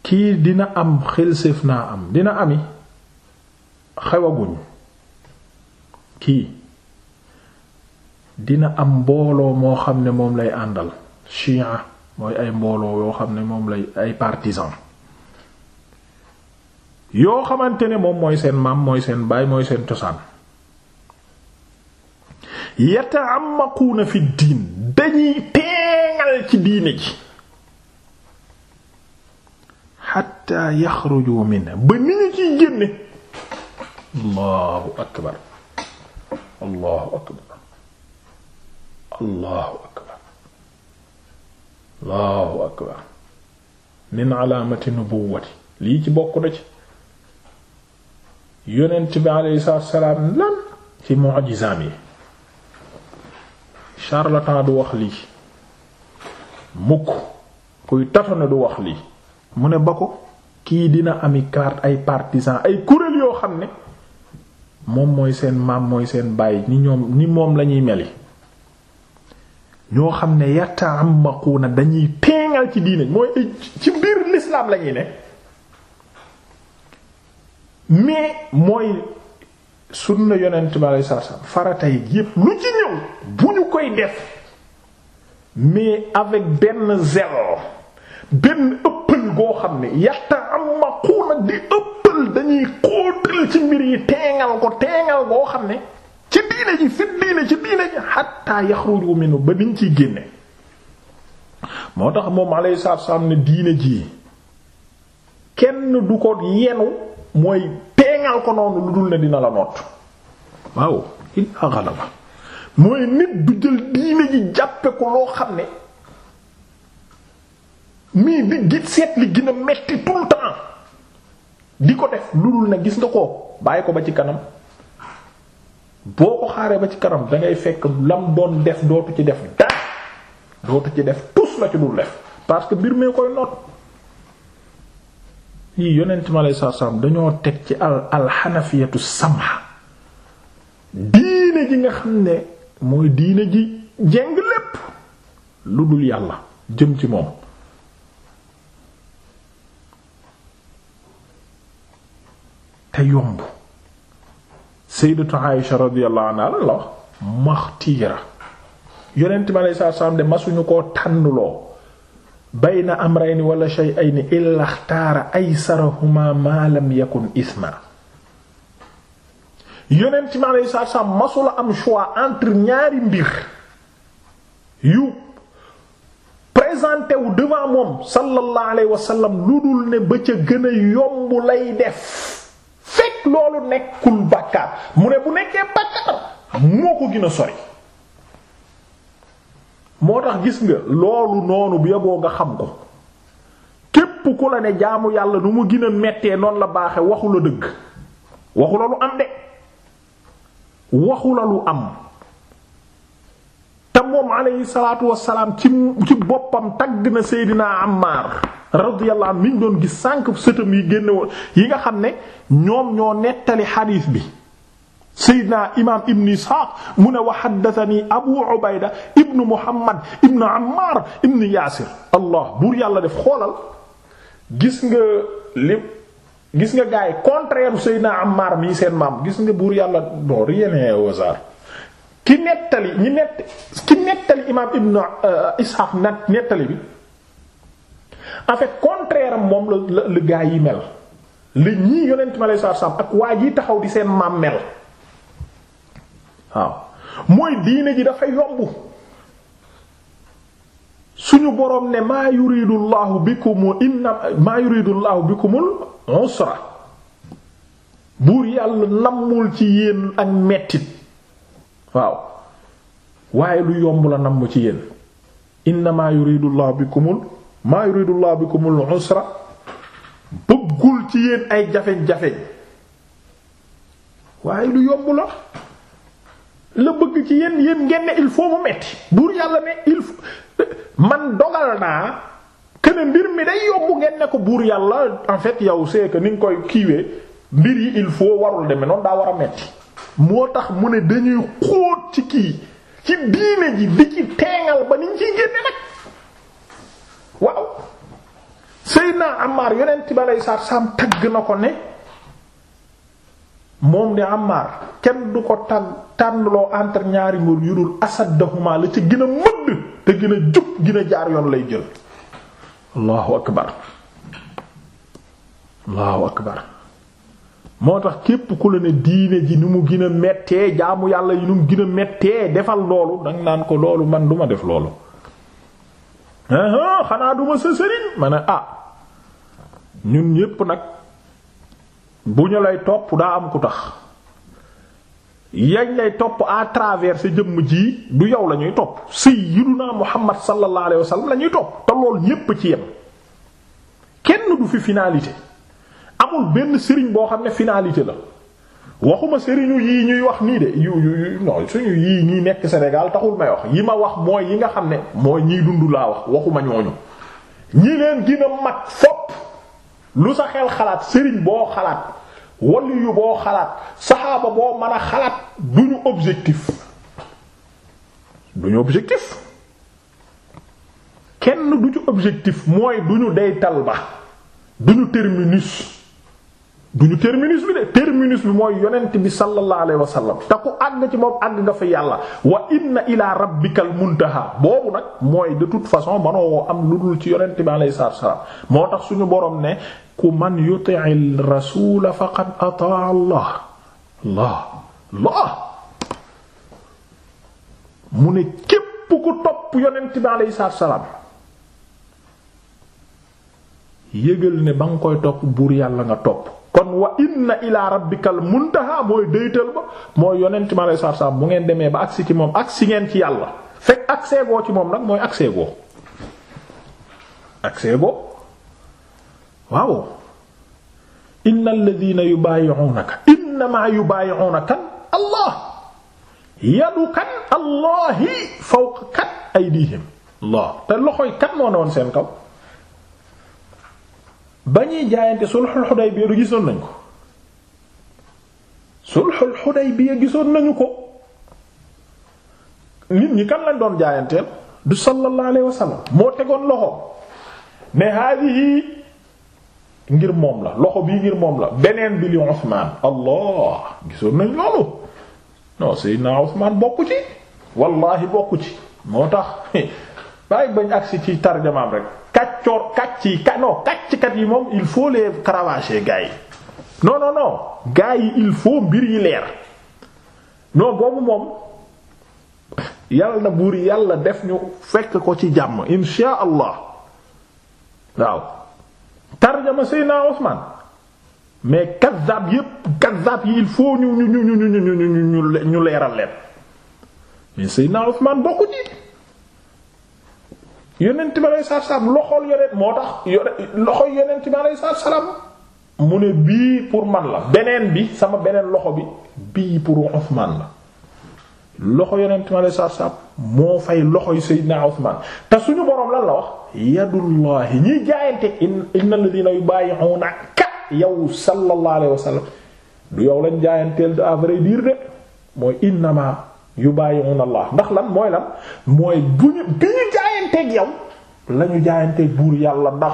kii dina am xilsif naa am dina ami xewaguñ kii dina am mbooloo moo xam ne moom lay àndal chian mooy ay mbooloo yoo xam ne moom lay ay partisan yoo xamante ne moom mooy seen maam mooy seen baay mooy seen cosaan yata'ammaquuna fi diin dañuy teengal ci diine ji xatta yaxruju minhu ba ni ñu ciy génne akbar allahu akbar allahu akbar allahu akbar min alaamati nubuwati lii ci bokk na ci yonent bi alayhi salaatu wa salaam lan ci mu'jizaam yi charlatan du wax lii mukk kuy tatone du wax lii mu ne ba ko kii dina ami carte ay partisan ay kuréel yoo xam ne moom mooy seen maam mooy seen bàyyi ni ñoom ni moom lañuy meli ñoo xam ne yata'ammaquuna dañuy teengal ci diine mooy ci biir l'islam lañuy ne mais mooy sunna yonent bi aleyhi salaatu salaam farata yi yépp lu ci ñëw bu ñu koy def mais avec benn zéro benn ëppal goo xam ne yaxta am ma xuuna di ëppal dañuy xóotal ci mbir yi teengal ko teengal goo xam ne ci diine ji fi diine ci diine ji xatta yaxruju minhu ba niñ ciy génne moo tax moom aleyhi salaatu salaam ne diine ji kenn du ko yenu mooy feeñal ko noonu lu dul ne dina la noot waaw illaa ghalaba mooy nit du jël diine ji jàppe ko loo xam ne mii bi git seet li gën metti tout le temps di ko def lu dul ne gis nga ko bàyyi ko ba ci kanam boo ko xaaree ba ci kanam dangay fekk lam doon def dootu ci def dara dootu ci def tus la ci dul def parce que mbir mi koy noot yii yonent mi aleyhi salaatu salaam dañoo teg ci al alxanafiyatu samha diine ji nga xam ne mooy diine ji jeng lépp lu dul yàlla jëm ci moom te yomb sayyidatu Aisha radiyallahu anha la maxtiira yonent mi aleyhi salaatu salaam de masuñu koo tànnloo bayna amrayni wala shay'ayni illa xtaara aysarahuma ma lam yakun isma yonent mi alayhi salaatu salaam masula am choix entre ñaari mbir yu présenté wu devant moom sallallahu alayhi wa sallam lu dul ne ba ca gën a yomb lay def fekk loolu nekkul bàkkaar mu ne bu nekkee bàkkaar moo ko gën a sori moo tax gis nga loolu noonu bu yaboo nga xam ko képp ku la ne jaamu yàlla nu mu gina a mettee noonu la baaxe waxu la dëgg waxu la lu am de waxu la lu am te moom aleyhi salaatu wassalaam ci ci boppam tagg na Seydina Ammar radiyallahu anhu mi ñu doon gis sànq sëtam yi génne yi nga xam ne ñoom ñoo nettali xadiis bi Seydina imaam Ibn Ishaq mu ne wa haddathani Abu Ubayda Ibn Muhammad Ibn Ammar Ibn Yaasir allah buur yàlla def xoolal gis nga li gis nga gars yi contraire Seydina Ammar mii seen maam gis nga buur yàlla non rien n'est au hasard ki nettali ñi nett ki euh, contraire am moom la la la gars yi mel la ñii yonent saa saam ak waa jii taxaw di seen maam mel. waaw mooy diine ji dafa yomb suñu boroom ne maa yuridu llahu bikum inna maa yuridu llahu bikumul ci yéen ak mettit waaw lu yomb la ci yéen inna maa yuridu llahu bikumul maa yuridu ci yéen ay jafeñ-jafeñ waaye lu yomb la la bëgg ci yéen yéen ngeen ne il faut mu metti buur yàlla ne il faut man dogal naa kene mbir mi day yobbu ngeen ne ko buur yàlla en fait yow c'est ni nga koy kiiwee mbir yi il faut warul demee noonu daa war a metti moo tax mu ne dañuy xóot ci kii ci diine ji di ci teengal ba niñ ciy génne nag waaw Seydina Ammar yonent bi aleyhi salaam tagg na ko ne moom di Ammar kenn du ko tànn tànnloo entre ñaari mbër yu dul asaddahuma la ci gën a mëdd te gën jub gën jaar yoon lay jël allahu akbar allahu akbar moo tax képp ku la ne diine ji ni mu gën a mettee jaamu yàlla yi nu mu gën mettee defal loolu danga naan ko loolu man duma def loolu xanaa duma sa sëriñ ma ah ñun yépp nag bu ñu lay topp daa am ku tax yañ lay topp à travers sa jëmm ji du yow la ñuy topp sayyiduna muhammad sallallahu alayhi wa sallam la ñuy topp te lool ñépp ci yem kenn du fi finalité amul benn sëriñ boo xam ne finalité la waxuma sëriñu yii ñuy wax nii de yu yu yii ñuy nekk Sénégal taxul may wax yi ma wax mooy yi nga xam ne mooy ñiy dund laa wax waxuma ñooñu ñi leen gën a mat fopp lu sa xel xalaat sëriñ boo xalaat waliyu boo xalaat saxaaba boo mën a xalaat duñu objectif ñu objectif kenn du ci objectif mooy duñu deytal ba duñu terminus duñu terminus bi de terminus bi mooy yonent bi sallallahu wa sallam te ku àgg ci moom àgg nga fa yàlla wa inna ila rabbikal muntaha boobu nag mooy de toute façon manoo woo am lu dul ci yonent bi alayhi salaam moo tax suñu borom ne ku man yuti'il rasula faqad ataa allah allah allah mu ne képp ku topp yonent bi alayhi salaam yëgal ne ba nga koy topp buur yàlla nga topp kon wa inna ila rabbikal muntaha mooy déytal ba mooy yonent ma lay sarsam bu ngeen demee ba agsi ci moom agsi ngeen ci yàlla fekk agsee goo ci moom nag mooy agsee goo agsee goo waaw innal ladhina yubayi'unaka innama yubayi'unaka allah yadu kan allahi fawqa kan aydihim allah te loxoy kan moo ne woon seen kaw ba ñuy jaayante sulxul Xudaybiya du gisoon nañ ko sulxul Xudaybiya gisoon nañu ko nit ñi kan lañ doon jaayanteel du sallallahu alayhi wasallam moo tegoon loxo mais hadihi ngir moom la loxo bii ngir moom la beneen bi li Usmaan allah gisoon nañ loolu non Seydina Usmaan bokku ci wallahi bokku ci moo tax bàyyi bañ agsi ci tarjamaam rek kàccoor kàcc yi ka non kàcckat yi moom il faut les cravacher gars yi non non non yi il faut mbir yi leer non boobu moom yàlla na buur yàlla def ñu fekk ko ci jàmm insha allah waaw tarjama Seydina Usman mais kazzab yépp kazzab yi il faut ñu ñu ñu ñu ñu ñu ñu leeral leen mais Seydina Usman bokku ci yonent bi aleyhi salaatu salaam loxol moo tax yore loxo yonent bi aleyhi mu ne bii pour man la beneen bi sama beneen loxo bi bii pour Usmaan la loxo yonent bi aleyhi salaatu salaam moo fay loxoy naa Usmaan te suñu boroom lan la wax yadullahi ñiy jaayante innal yu yubayi'unaka yow sallallahu alayhi wa sallam du yow lañ jaayanteel de à vrai dire de mooy innama yu bàyyiwun allah ndax lan mooy lan mooy bu ñu bi ñu jaayanteeg yow la ñu jaayanteeg buur yàlla ndax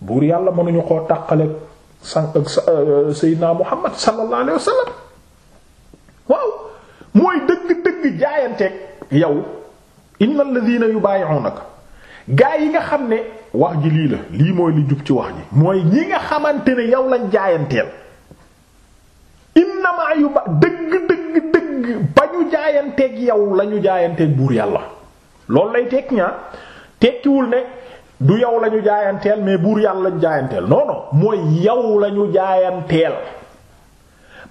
buur yàlla mënuñu koo tàqaleeg san ak euh, Seydina Muhammad sallallahu alayhi wa sallam waaw mooy dëgg-dëgg jaayanteeg yow innal ladina yubayi'unaka gaa yi nga xam ne wax ji lii la lii mooy li jub ci wax ji mooy ñi nga xamante ne yow lañ jaayanteel innama yuba dëgg ñu jaayanteeg yow la ñu buur yàlla loolu lay tekki ñaa ah. tekkiwul ne du yow lañu ñu jaayanteel mais buur yàlla lañu jaayanteel non non mooy yow la jaayanteel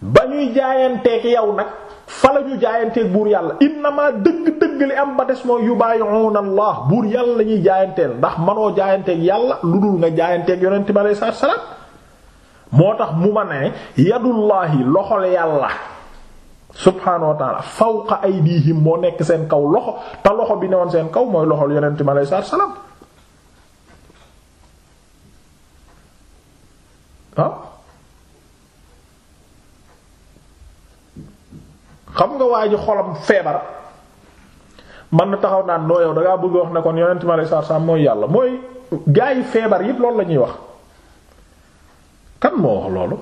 ba ñuy jaayanteeg yow nag fa la ñu jaayanteeg buur yàlla innama dëgg-dëgg li am ba des mooy yubayi'una Allah buur yàlla lañuy jaayanteel ndax manoo jaayanteeg yàlla lu dul nga jaayanteeg yonent bi alayhi moo tax mu ma ne yadullahi loxol yàlla. subhaanahu wa taala fawqa aydihim moo nekk seen kaw loxo te loxo bi newoon seen kaw mooy loxol yonent mi alayhi salaatu salaam nga waa ji xolam feebar man na taxaw naan noo yow dangaa bëgg wax ne kon yonent mi alayhi mooy yàlla mooy gaa yi feebar yépp loolu la ñuy wax kan moo wax loolu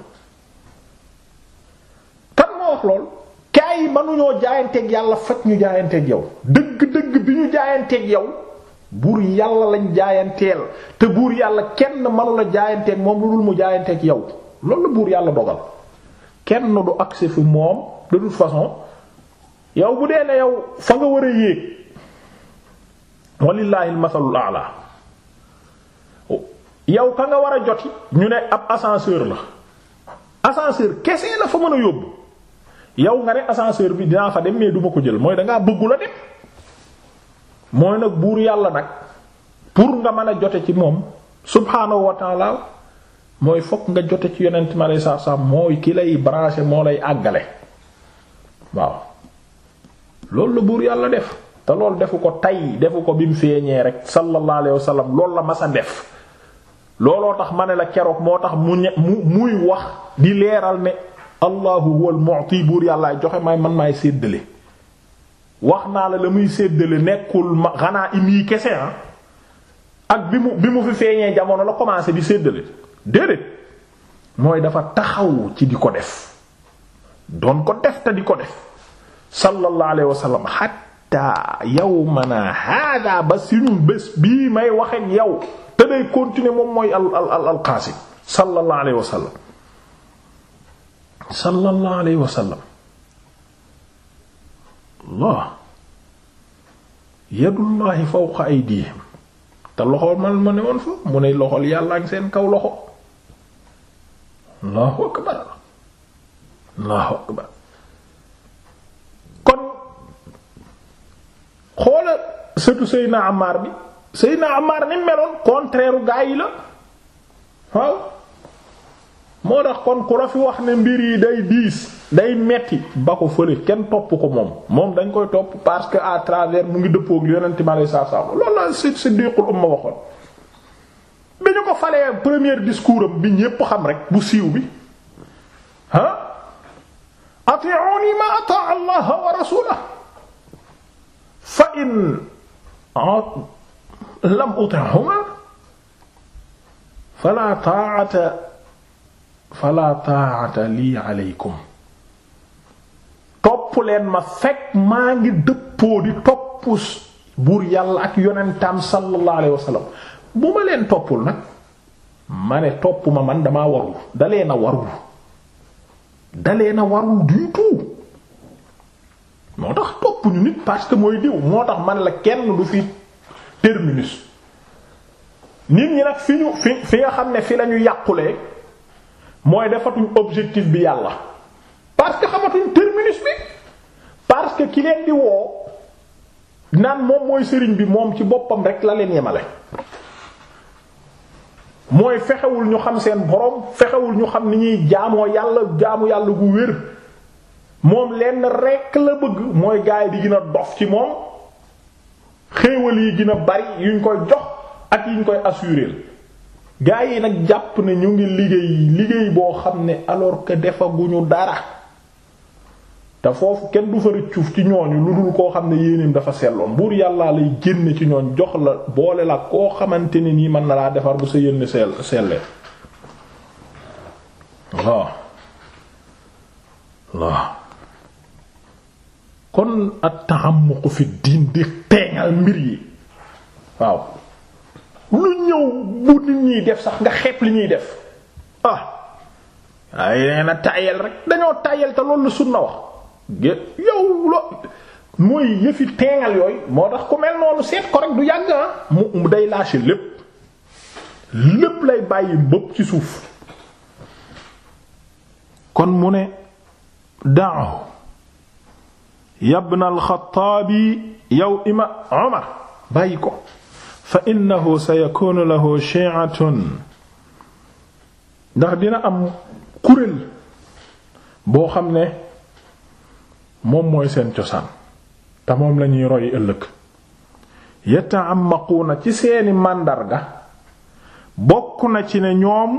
kan moo wax loolu gaa yi mënuñoo jaayanteeg yàlla faj ñu jaayanteeg yow dëgg-dëgg bi ñu jaayanteeg yow buur yàlla lañ jaayanteel te buur yàlla kenn la jaayanteeg moom lu dul mu jaayanteeg yow loolu buur yàlla dogal kenn du accès fi moom de toute façon yow bu dee ne yow fa nga war a yéeg walillahi almasalul a'la yow ka nga war a joti ñu ne ab ascenseur la ascenseur kese la fa mën a yóbbu yow nga ne ascenseur bi dinaa fa dem mais duma ko jël mooy dangaa bëggu la dem mooy nag buur yàlla nag pour nga mën a jote ci moom subhaanahu wa taala mooy fokk nga jote ci yonent ma lay sa mooy ki lay branché moo lay àggale waaw loolu la buur yàlla def te loolu defu ko tey defu ko bi mu feeñee rek sallallahu alayhi wasallam loolu la masa def looloo tax ma ne la keroog moo tax mu ñe mu muy wax di leeral ne allahu huwal mu'ti buur yàllaay joxe may man maay séddale wax naa la la muy séddale nekkul ma xanaa indi kese ah ak bi mu bi mu fi feeñee jamono la commencé di séddale déedéet mooy dafa taxaw ci di ko def doon ko def te di ko def sallallahu alayhi wa yow hatta a hada ba suñu bés bii may wax yow te day moom mooy al al al Qaasim sallallahu alayhi sallallahu alayhi wa sallam Allah yadullahi fawqa aydihim te loxo man ma ne woon fa mu ne loxol yàlla ak seen kaw loxo allahu akbar allahu akbar kon xoola sëtu Seyna Amar bi Seyna Amar ni meloon contraire gaa yi la waaw moo tax kon ku la fi wax ne mbir yi day diis day metti ba ko fële kenn topp ko moom moom dañ koy topp parce que à travers mu ngi dëppoo ak yonent mi alayhi salaam loolu la Siddiqul umma waxoon. bi ñu ko falee premier discours am bi ñépp xam rek bu siiw bi ah. ati'uni ma ata Allah wa rasulahu fa in lam uti'huma fala ta'ata fala taata lii aleykum topp leen ma fekk maa ngi dëppoo di topp buur yàlla ak yonentam sallallahu alayhi wasallam bu ma leen toppul nag ma ne topp ma man damaa warul dalee na warul dalee na warul du tout moo tax topp ñu nit parce que mooy diw moo tax man la kenn du fi terminus nit ñi nag fi ñu fi fi nga xam ne fi lañu yàqulee mooy defatuñ objectif bi yàlla parce que xamatuñ terminus bi parce que ki leen di woo naan moom mooy sëriñ bi moom ci boppam rek la leen yemale mooy fexewul ñu xam seen borom fexewul ñu xam ni ñuy jaamoo yàlla jaamu yàlla gu wér moom lenn rek la bëgg mooy gaay di gina a dof ci moom xéewal yi gën a bari yuñ koy jox ak yuñ koy assurer gaa yi nag jàpp ne ñu ngi liggéey liggéey boo xam ne alors que defaguñu dara te foofu kenn du fa rëccuuf ci ñooñu lu dul koo xam ne yéenéem dafa selloon buur yàlla lay génne ci ñooñ jox la boole la koo xamante ni nii mën na laa defar bu sa yéene sell sellee waaw waaw kon at taxamuq fi diin di teeñal mbir yi waaw lu ñëw bu nit ñiy def sax nga xeeb li ñuy def ah ay nee na tayel rek dañoo tayel te loolu sunna wax yow lo mooy yëfi teengal yooyu moo tax ku mel noonu seet ko rek du yàgg ah mu day lâcher lépp lépp lay bàyyi mbëpp ci suuf kon mu ne daahu yabna alxataabi yow ima Omar bàyyi ko fa innahu sayakunu lahu shi'atun ndax dina am kuréel boo xam ne moom mooy seen cosaan te moom lañuy roy ëllëg maqu na ci seeni màndarga bokk na ci ne ñoom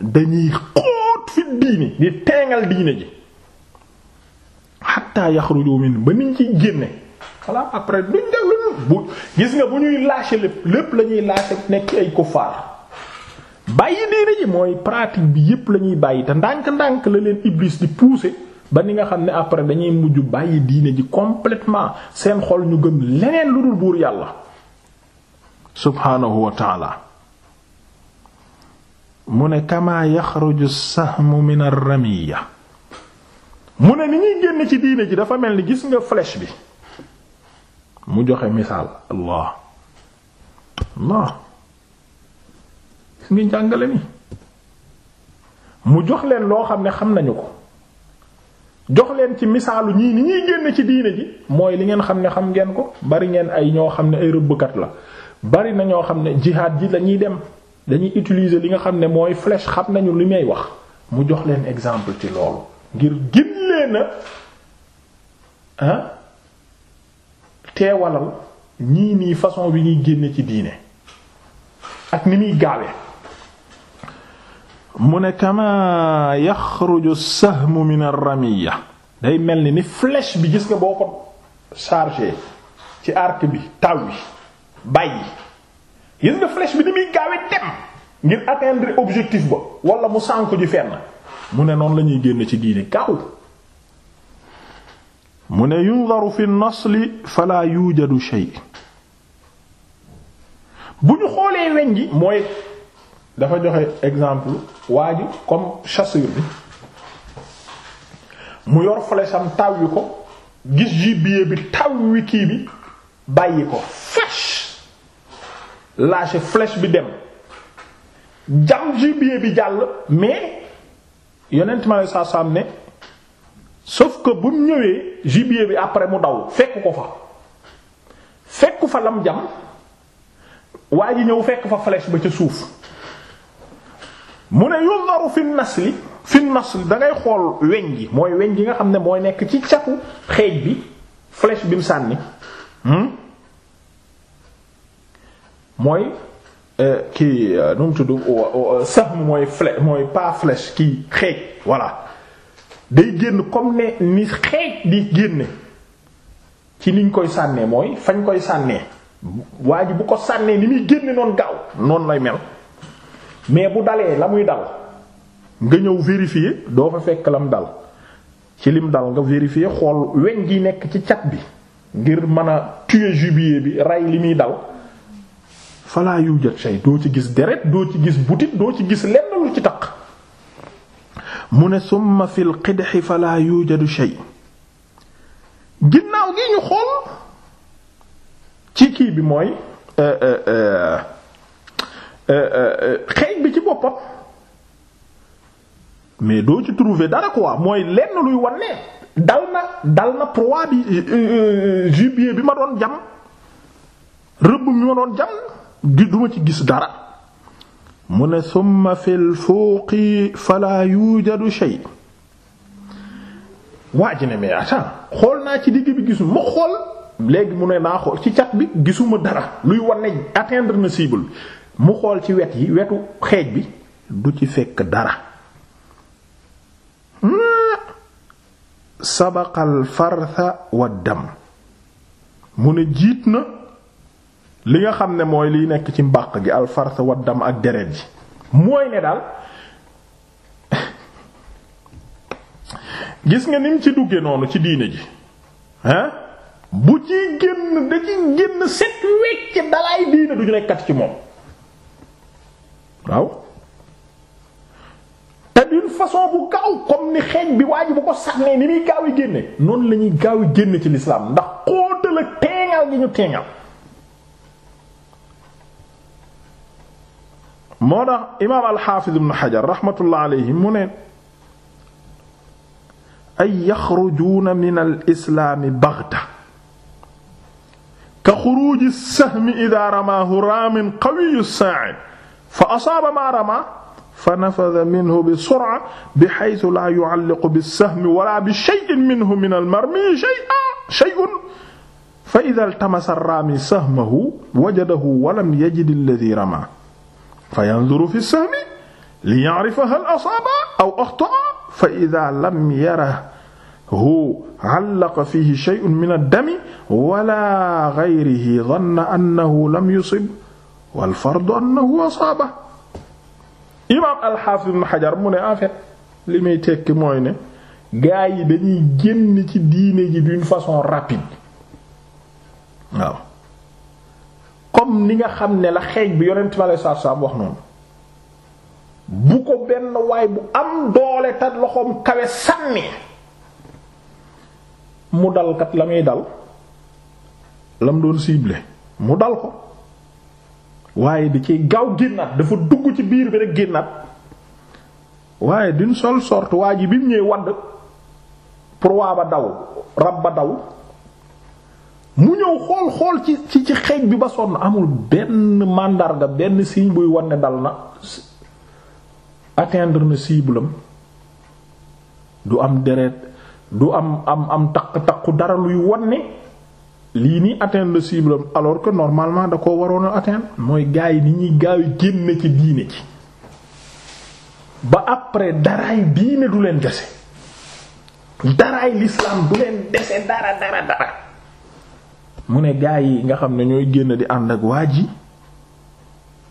dañuy xóot fi diini di teengal diine ji xatta yaxruju min ba niñ ci génne xalaat après duñ def lu bu gis nga bu ñuy lâcher lépp lépp la ñuy lâcher nekk ay kuffaar bàyyi diine ji mooy pratique bi yépp lañuy bàyyi te ndànk-ndànk la leen Iblis di pousser ba ni nga xam ne après dañuy mujj bàyyi diine ji complètement seen xol ñu gëm leneen lu dul buur yàlla subhaanahu wa taala mu ne kama yaxruju sahmu min ar-ramiya mu ne ni ñuy génn ci diine ji dafa mel ni gis nga flèche bi mu joxe misaal allah allah gis ngi jàngale mi mu jox leen loo xam ne xam nañu ko jox leen ci misaalu ñii ni ñuy génn ci diine ji mooy li ngeen xam ne xam ngeen ko bari ngeen ay ñoo xam ne ay rëbbkat la bari na ñoo xam ne jihaad ji lañuy dem dañuy utiliser li nga xam ne mooy flèche xam nañu li may wax mu jox leen exemple ci loolu ngir gin leen a teewalal ñii nii façon bi ñuy génne ci diine ak ni muy gaawe mu ne kama yaxruju sahmu min ar-ramiya day mel ni ni flesh bi gis nga boo ko chargé ci arc bi taw bi bàyyi gis nga flèche bi ni muy gaawe dem ngir atteindre objectif ba wala mu sànku ji fenn mu ne noonu la ñuy génn ci diine gaaw mu ne yundaru fi nasli fala yujadu shay bu ñu xoolee weñ gi mooy dafa joxe exemple waa ji comme chasseur bi mu yor flèche am taw ko gis gibier bi taw wi kii bi bàyyi ko flèche lâché flèche bi dem jam gibier bi jàll mais yonent ma ne saa ne sauf que bu ñëwee gibier bi après mu daw fekk ko fa fekk fa lam jam waa ji ñëw fekk fa flèche ba ca suuf mu ne yundaru fi nasli fi nasli da ngay xool weñ gi mooy weñ gi nga xam ne mooy nekk ci catu xeej bi flèche bi mu sànni hmm? mooy euh, kii euh, nu mu tudd euh, sahm mooy flèche mooy pas flèche kii xeej voilà day génn comme ne ni xeej di génne ci niñ koy sànnee mooy fañ koy sànnee waa ji bu ko sànnee ni muy génne noonu gaaw noonu lay mel mais bu dalee la muy dal nga ñëw vérifier doo fa fekk lam dal ci lim dal nga vérifier xool weñ gi nekk ci cat bi ngir mën a tuer gibier bi ray li muy dal falaa yu jot say doo ci gis deret doo ci gis butit doo ci gis lenn lu ci tax mu ne summa fil qidhi fala yujadu shay ginnaaw gi ñu xool ci kii bi mooy euh, euh, euh, xeej bi ci boppam mais doo ci trouver dara quoi mooy lenn luy wan dal na dal na proie bi gibier bi ma doon jam rëbb mi ma doon jam duma ci gis dara mu ne summa fil fuuqi fala yujadu shay waa ji ne mais attends xool naa ci digg bi gisu ma xool léegi mu ne naa xool ci caq bi gisuma dara luy wan ne na cible mu xool ci wet yi wetu xeej bi du ci fekk dara hmm. sabaqal fartha wa dam mu ne jiit na li nga xam ne mooy liy nekk ci mbàq gi alfars waddam ak deret ji mooy ne daal gis nga ni ci dugge noonu ci diine ji hein bu ci génn da génn set wecc dalay diine duñu nekkati ci moom waaw te d'une façon bu gaaw comme ni xeeñ bi waa bu ko sànnee ni muy gaaw yi génne noonu la gaaw yi génn ci lislaam ndax xóotal ak teeŋal gi ñu teeŋal moo tax imaam alxaafiz ibn xajar raxmatullah alayhi mu ne ay yaxrujuuna min al islaami baxta ka xuruuji sahmi idaa ramaahu raamin qawiyu saa'id fa asaaba maa ramaa fa nafada minhu bi sur'a bi xaytu laa yu'alliqu bi sahmi wala bi shay'in minhu min al marmi shay'an shay'un fa idaa iltamasa raami sahmahu wajadahu wa lam yajid alladii ramaa fa yanzuru fi sahmi li ya'rifa hal asaaba aw axta'a fa idha lam yarahu 'allaqa fihi shay'un min ad-dami wala ghayrihi dhanna annahu lam yusib wal fardu annahu asaaba imaam al-Hafiz Ibn Hajar mu ne en fait li muy tekki mooy ne gaa yi dañuy génn ci diine ji d'une façon rapide waaw comme ni nga xam ne la xeej bi yonent bi alayhi salaatu salaam wax noonu bu ko benn waay bu am doole ta loxoom kawe sànni mu dalkat la muy dal lam doon ciblé mu dal ko waaye di ci gaaw génnaat dafa dugg ci biir bi rek génnaat waaye din seule sort waa ji bi mu ñëwee wadd pour waa ba daw rab ba daw mu ñëw xool xool ci ci ci xeej bi ba sonn amul benn màndarga benn signe buy wan dal na atteindre na cible du am deret du am am am takk-takku dara luy wan lii nii atteindre na cible am que normalement da ko waroon a mooy gars yi ni ñuy gaaw génn ci diine ci ba après daraay diine du leen dese daraay l'islam du leen dese dara dara dara mu ne gaa yi nga xam ne ñooy génn di ànd ak waa ji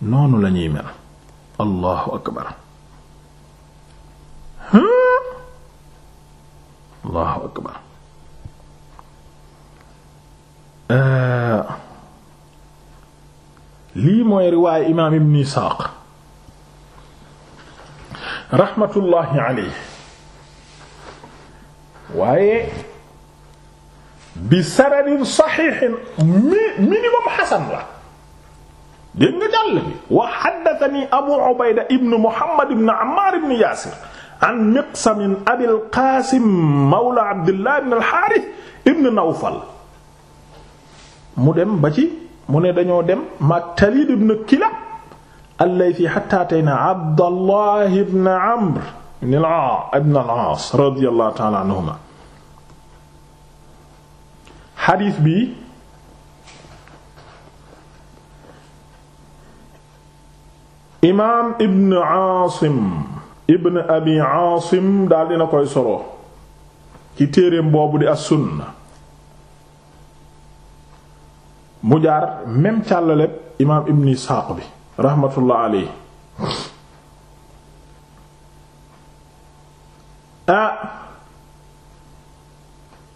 noonu lañuy ñuy mel allahu akbar allahu euh, lii mooy riwaay imaam ibn Isaaq raxmatullaahi alayhi waaye bi sanadin saxiixin minimum xasan la dégg nga jàll bi wa xaddatani abu ubayda ibn muhammad ibn ammaar ibn yaasir an miqsam abil qaasim mawla abdillah ibn alxaaris ibn nawfal mu dem ba ci mu ne dañoo dem maag talid ibn kilab allaythi hatta atayna abdallah ibn amr ibn al-aas radiyallahu ta'ala anhuma xadiis bi imaam ibn aasim ibn abi aasim daal dina koy solo ci téereem boobu di as-sunna mu jaar même imaam ibn isxaaq bi raxmatullah aley ah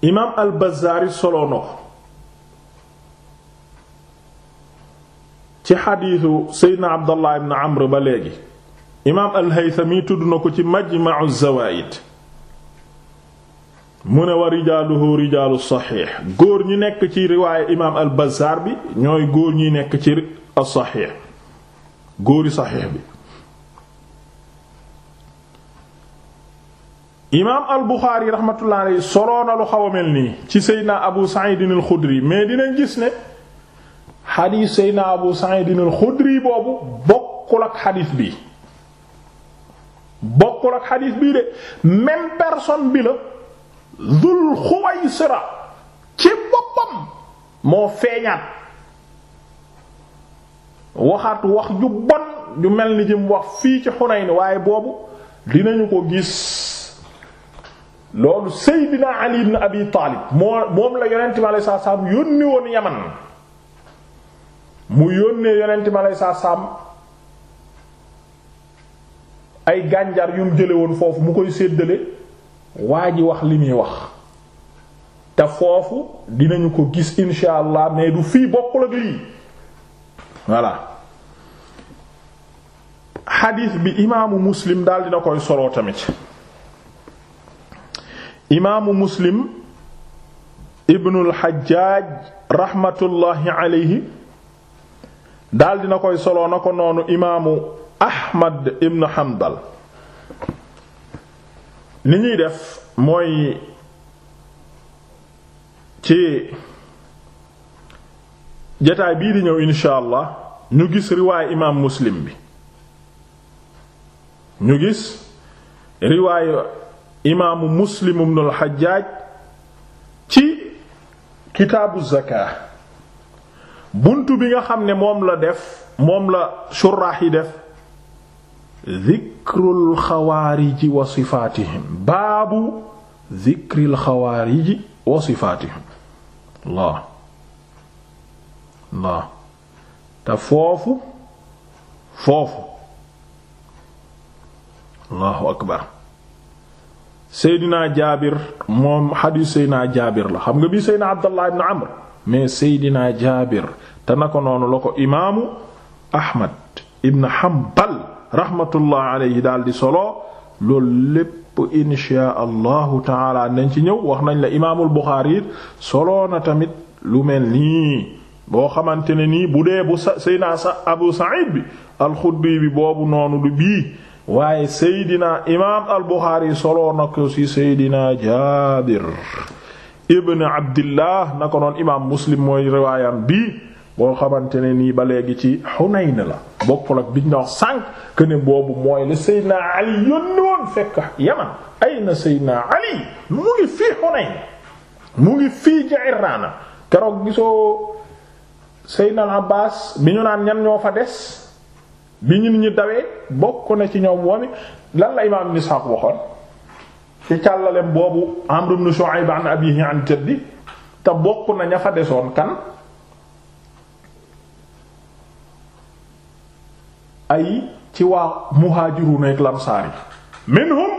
imaam al-Bazzaari soloo ko ci xadiisu seydna Abdallah ibn Amr ba léegi imaam al-Haythami tudd na ko ci Majma'u Zawaa'id mu ne wa rijaaluhu rijaalu saxiix góor ñi nekk ci riwaaye imaam al-Bazzaar bi ñooy góor ñi nekk ci as góori saxiix bi imaam al Buxaari rahmatullahi alayhi soloo na lu xaw a mel nii ci Seydina Abu Sa'id al-Khudri mais dinañ gis ne xadiis Seydina Abu Sa'id al-Khudri boobu bokkul ak xadiis bi bokkul ak xadiis bii de même personne bi la Zul Xuwaysira ci boppam moo feeñaat waxaat wax ju bon ju mel ni jëm wax fii ci Xunayn waaye boobu dinañu ko gis. loolu Seydina Ali ibn Abi Taalib moo moom la yonent bi alayhi salaam yónni woon Yaman mu yónnee yonent bi alayhi salaam ay gànjar yum jële woon foofu mu koy séddale waa ji wax li muy wax te foofu dinañu ko gis insha allah mais du fii bokkul ak lii voilà xadiis bi imaamu Muslim daal dina koy solo tamit imaamu muslim ibnul xajaaj raxmatullaahi aleyhi daal dina koy soloo na ko noonu imaamu ahmad ibn hanbal ni ñuy def mooy ci jataay bii di ñëw insha ñu gis riwaay imaam muslim bi ñu gis riwaay imaamu muslim ibn al ci kitaabu zaka bunt bi nga xam ne moom la def moom la suraax yi def dhikrul xawaariji wa sifaatihim baabu dhikril xawaariji wa sifaatihim Allah Allah te foofu foofu Allahu akbar seydinaa Jaabir moom xadiis Seydina Jaabir la xam nga bii Seydina Abdallah ibn Amr mais Seydina Jaabir te na ko noonu la ko imaamu Ahmad ibn Hanbal rahmatullah alayhi daal di solo loolu lépp inshaa allahu taala nañ ci ñëw wax nañ la imaamul Buxaari it solo na tamit lu mel nii boo xamante ne nii bu dee bu Seydina sa Abu Saïd bi alxudbi bi boobu noonu lu bii. waaye seydina imaam al buxaari soloo na ko ci seydina jaabir ibn abdillah na ko noon imaam muslim mooy riwaayam bii boo xamante ne nii ba léegi ci Hunayn la bokkul ak biñ na wax sànq que ne boobu mooy la seydina ali yónni woon fekk yaman ay na seydina ali mu ngi fii Hunayn mu ngi fii Ji'rana keroog gisoo seydina al abbaas bi ñu naan ñan ñoo fa des bi ñu ñu dawee bokk na ci ñoom moom lan la imaam ibn Ishaq waxoon ci càllalem boobu Amr ibn Shu'ayb an abihi an jaddi te bokk na ña fa desoon kan ay ci waa muhaajiruuna ak lamsaar yi minhum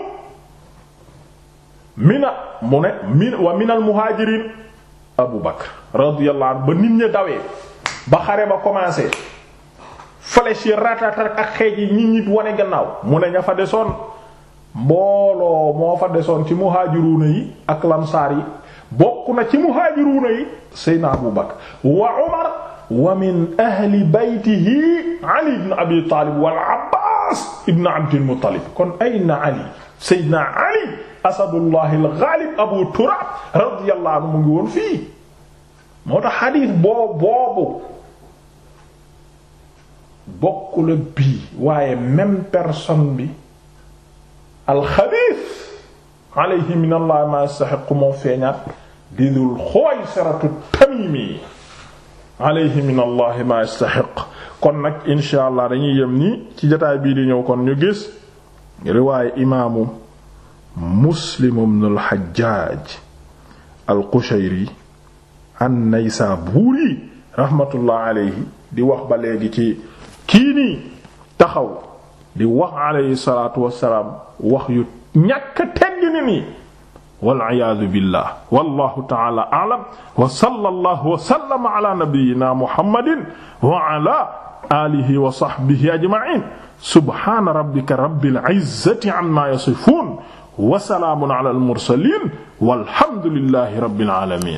mina mu ne min wa minal muhaajiriin Abu Bakr radiyallahu anhu ba nit ñi dawee ba xare ba commencé flèche yi ratatak ak xeej yi ñi gannaaw mu ne ña fa desoon mbooloo moo fa desoon ci muhaajiruuna yi ak lamsaar yi bokk na ci muhaajiruuna yi seyna Abu Bakr wa Umar wa min ahli baytihi Ali ibn Abi Talib wal Abbas ibn Abdil Muttalib kon ayna Ali Seydina Ali Asadullahi al-Ghalib Abu Turab radiyallahu anhu mu ngi fii moo tax xadiis boobu bokkul ak bii waaye même personne bi alxabiis alayhi ma yastaxiqu moo feeñaat di dul xooy saratu tamimi ma yastaxiq kon nag insha allah dañuy yem nii ci jotaay bii di ñëw kon ñu gis riwaaye imaamu muslim ibn al xajjaaj al qushayri an naysaburi rahmatullah di wax ba léegi ci kii nii taxaw di wax alayhi salaatu wassalaam wax yu ñàkk teggin nii wal iyaadu billah wallahu ta'ala a'lam wa sallallahu wa sallama ala nabiyyina muhammadin wa ala alihi wa sahbihi ajma'in subhana rabbika rabbil izzati amma yasifun wa salamun ala al mursalin walhamdulillahi rabbil alamin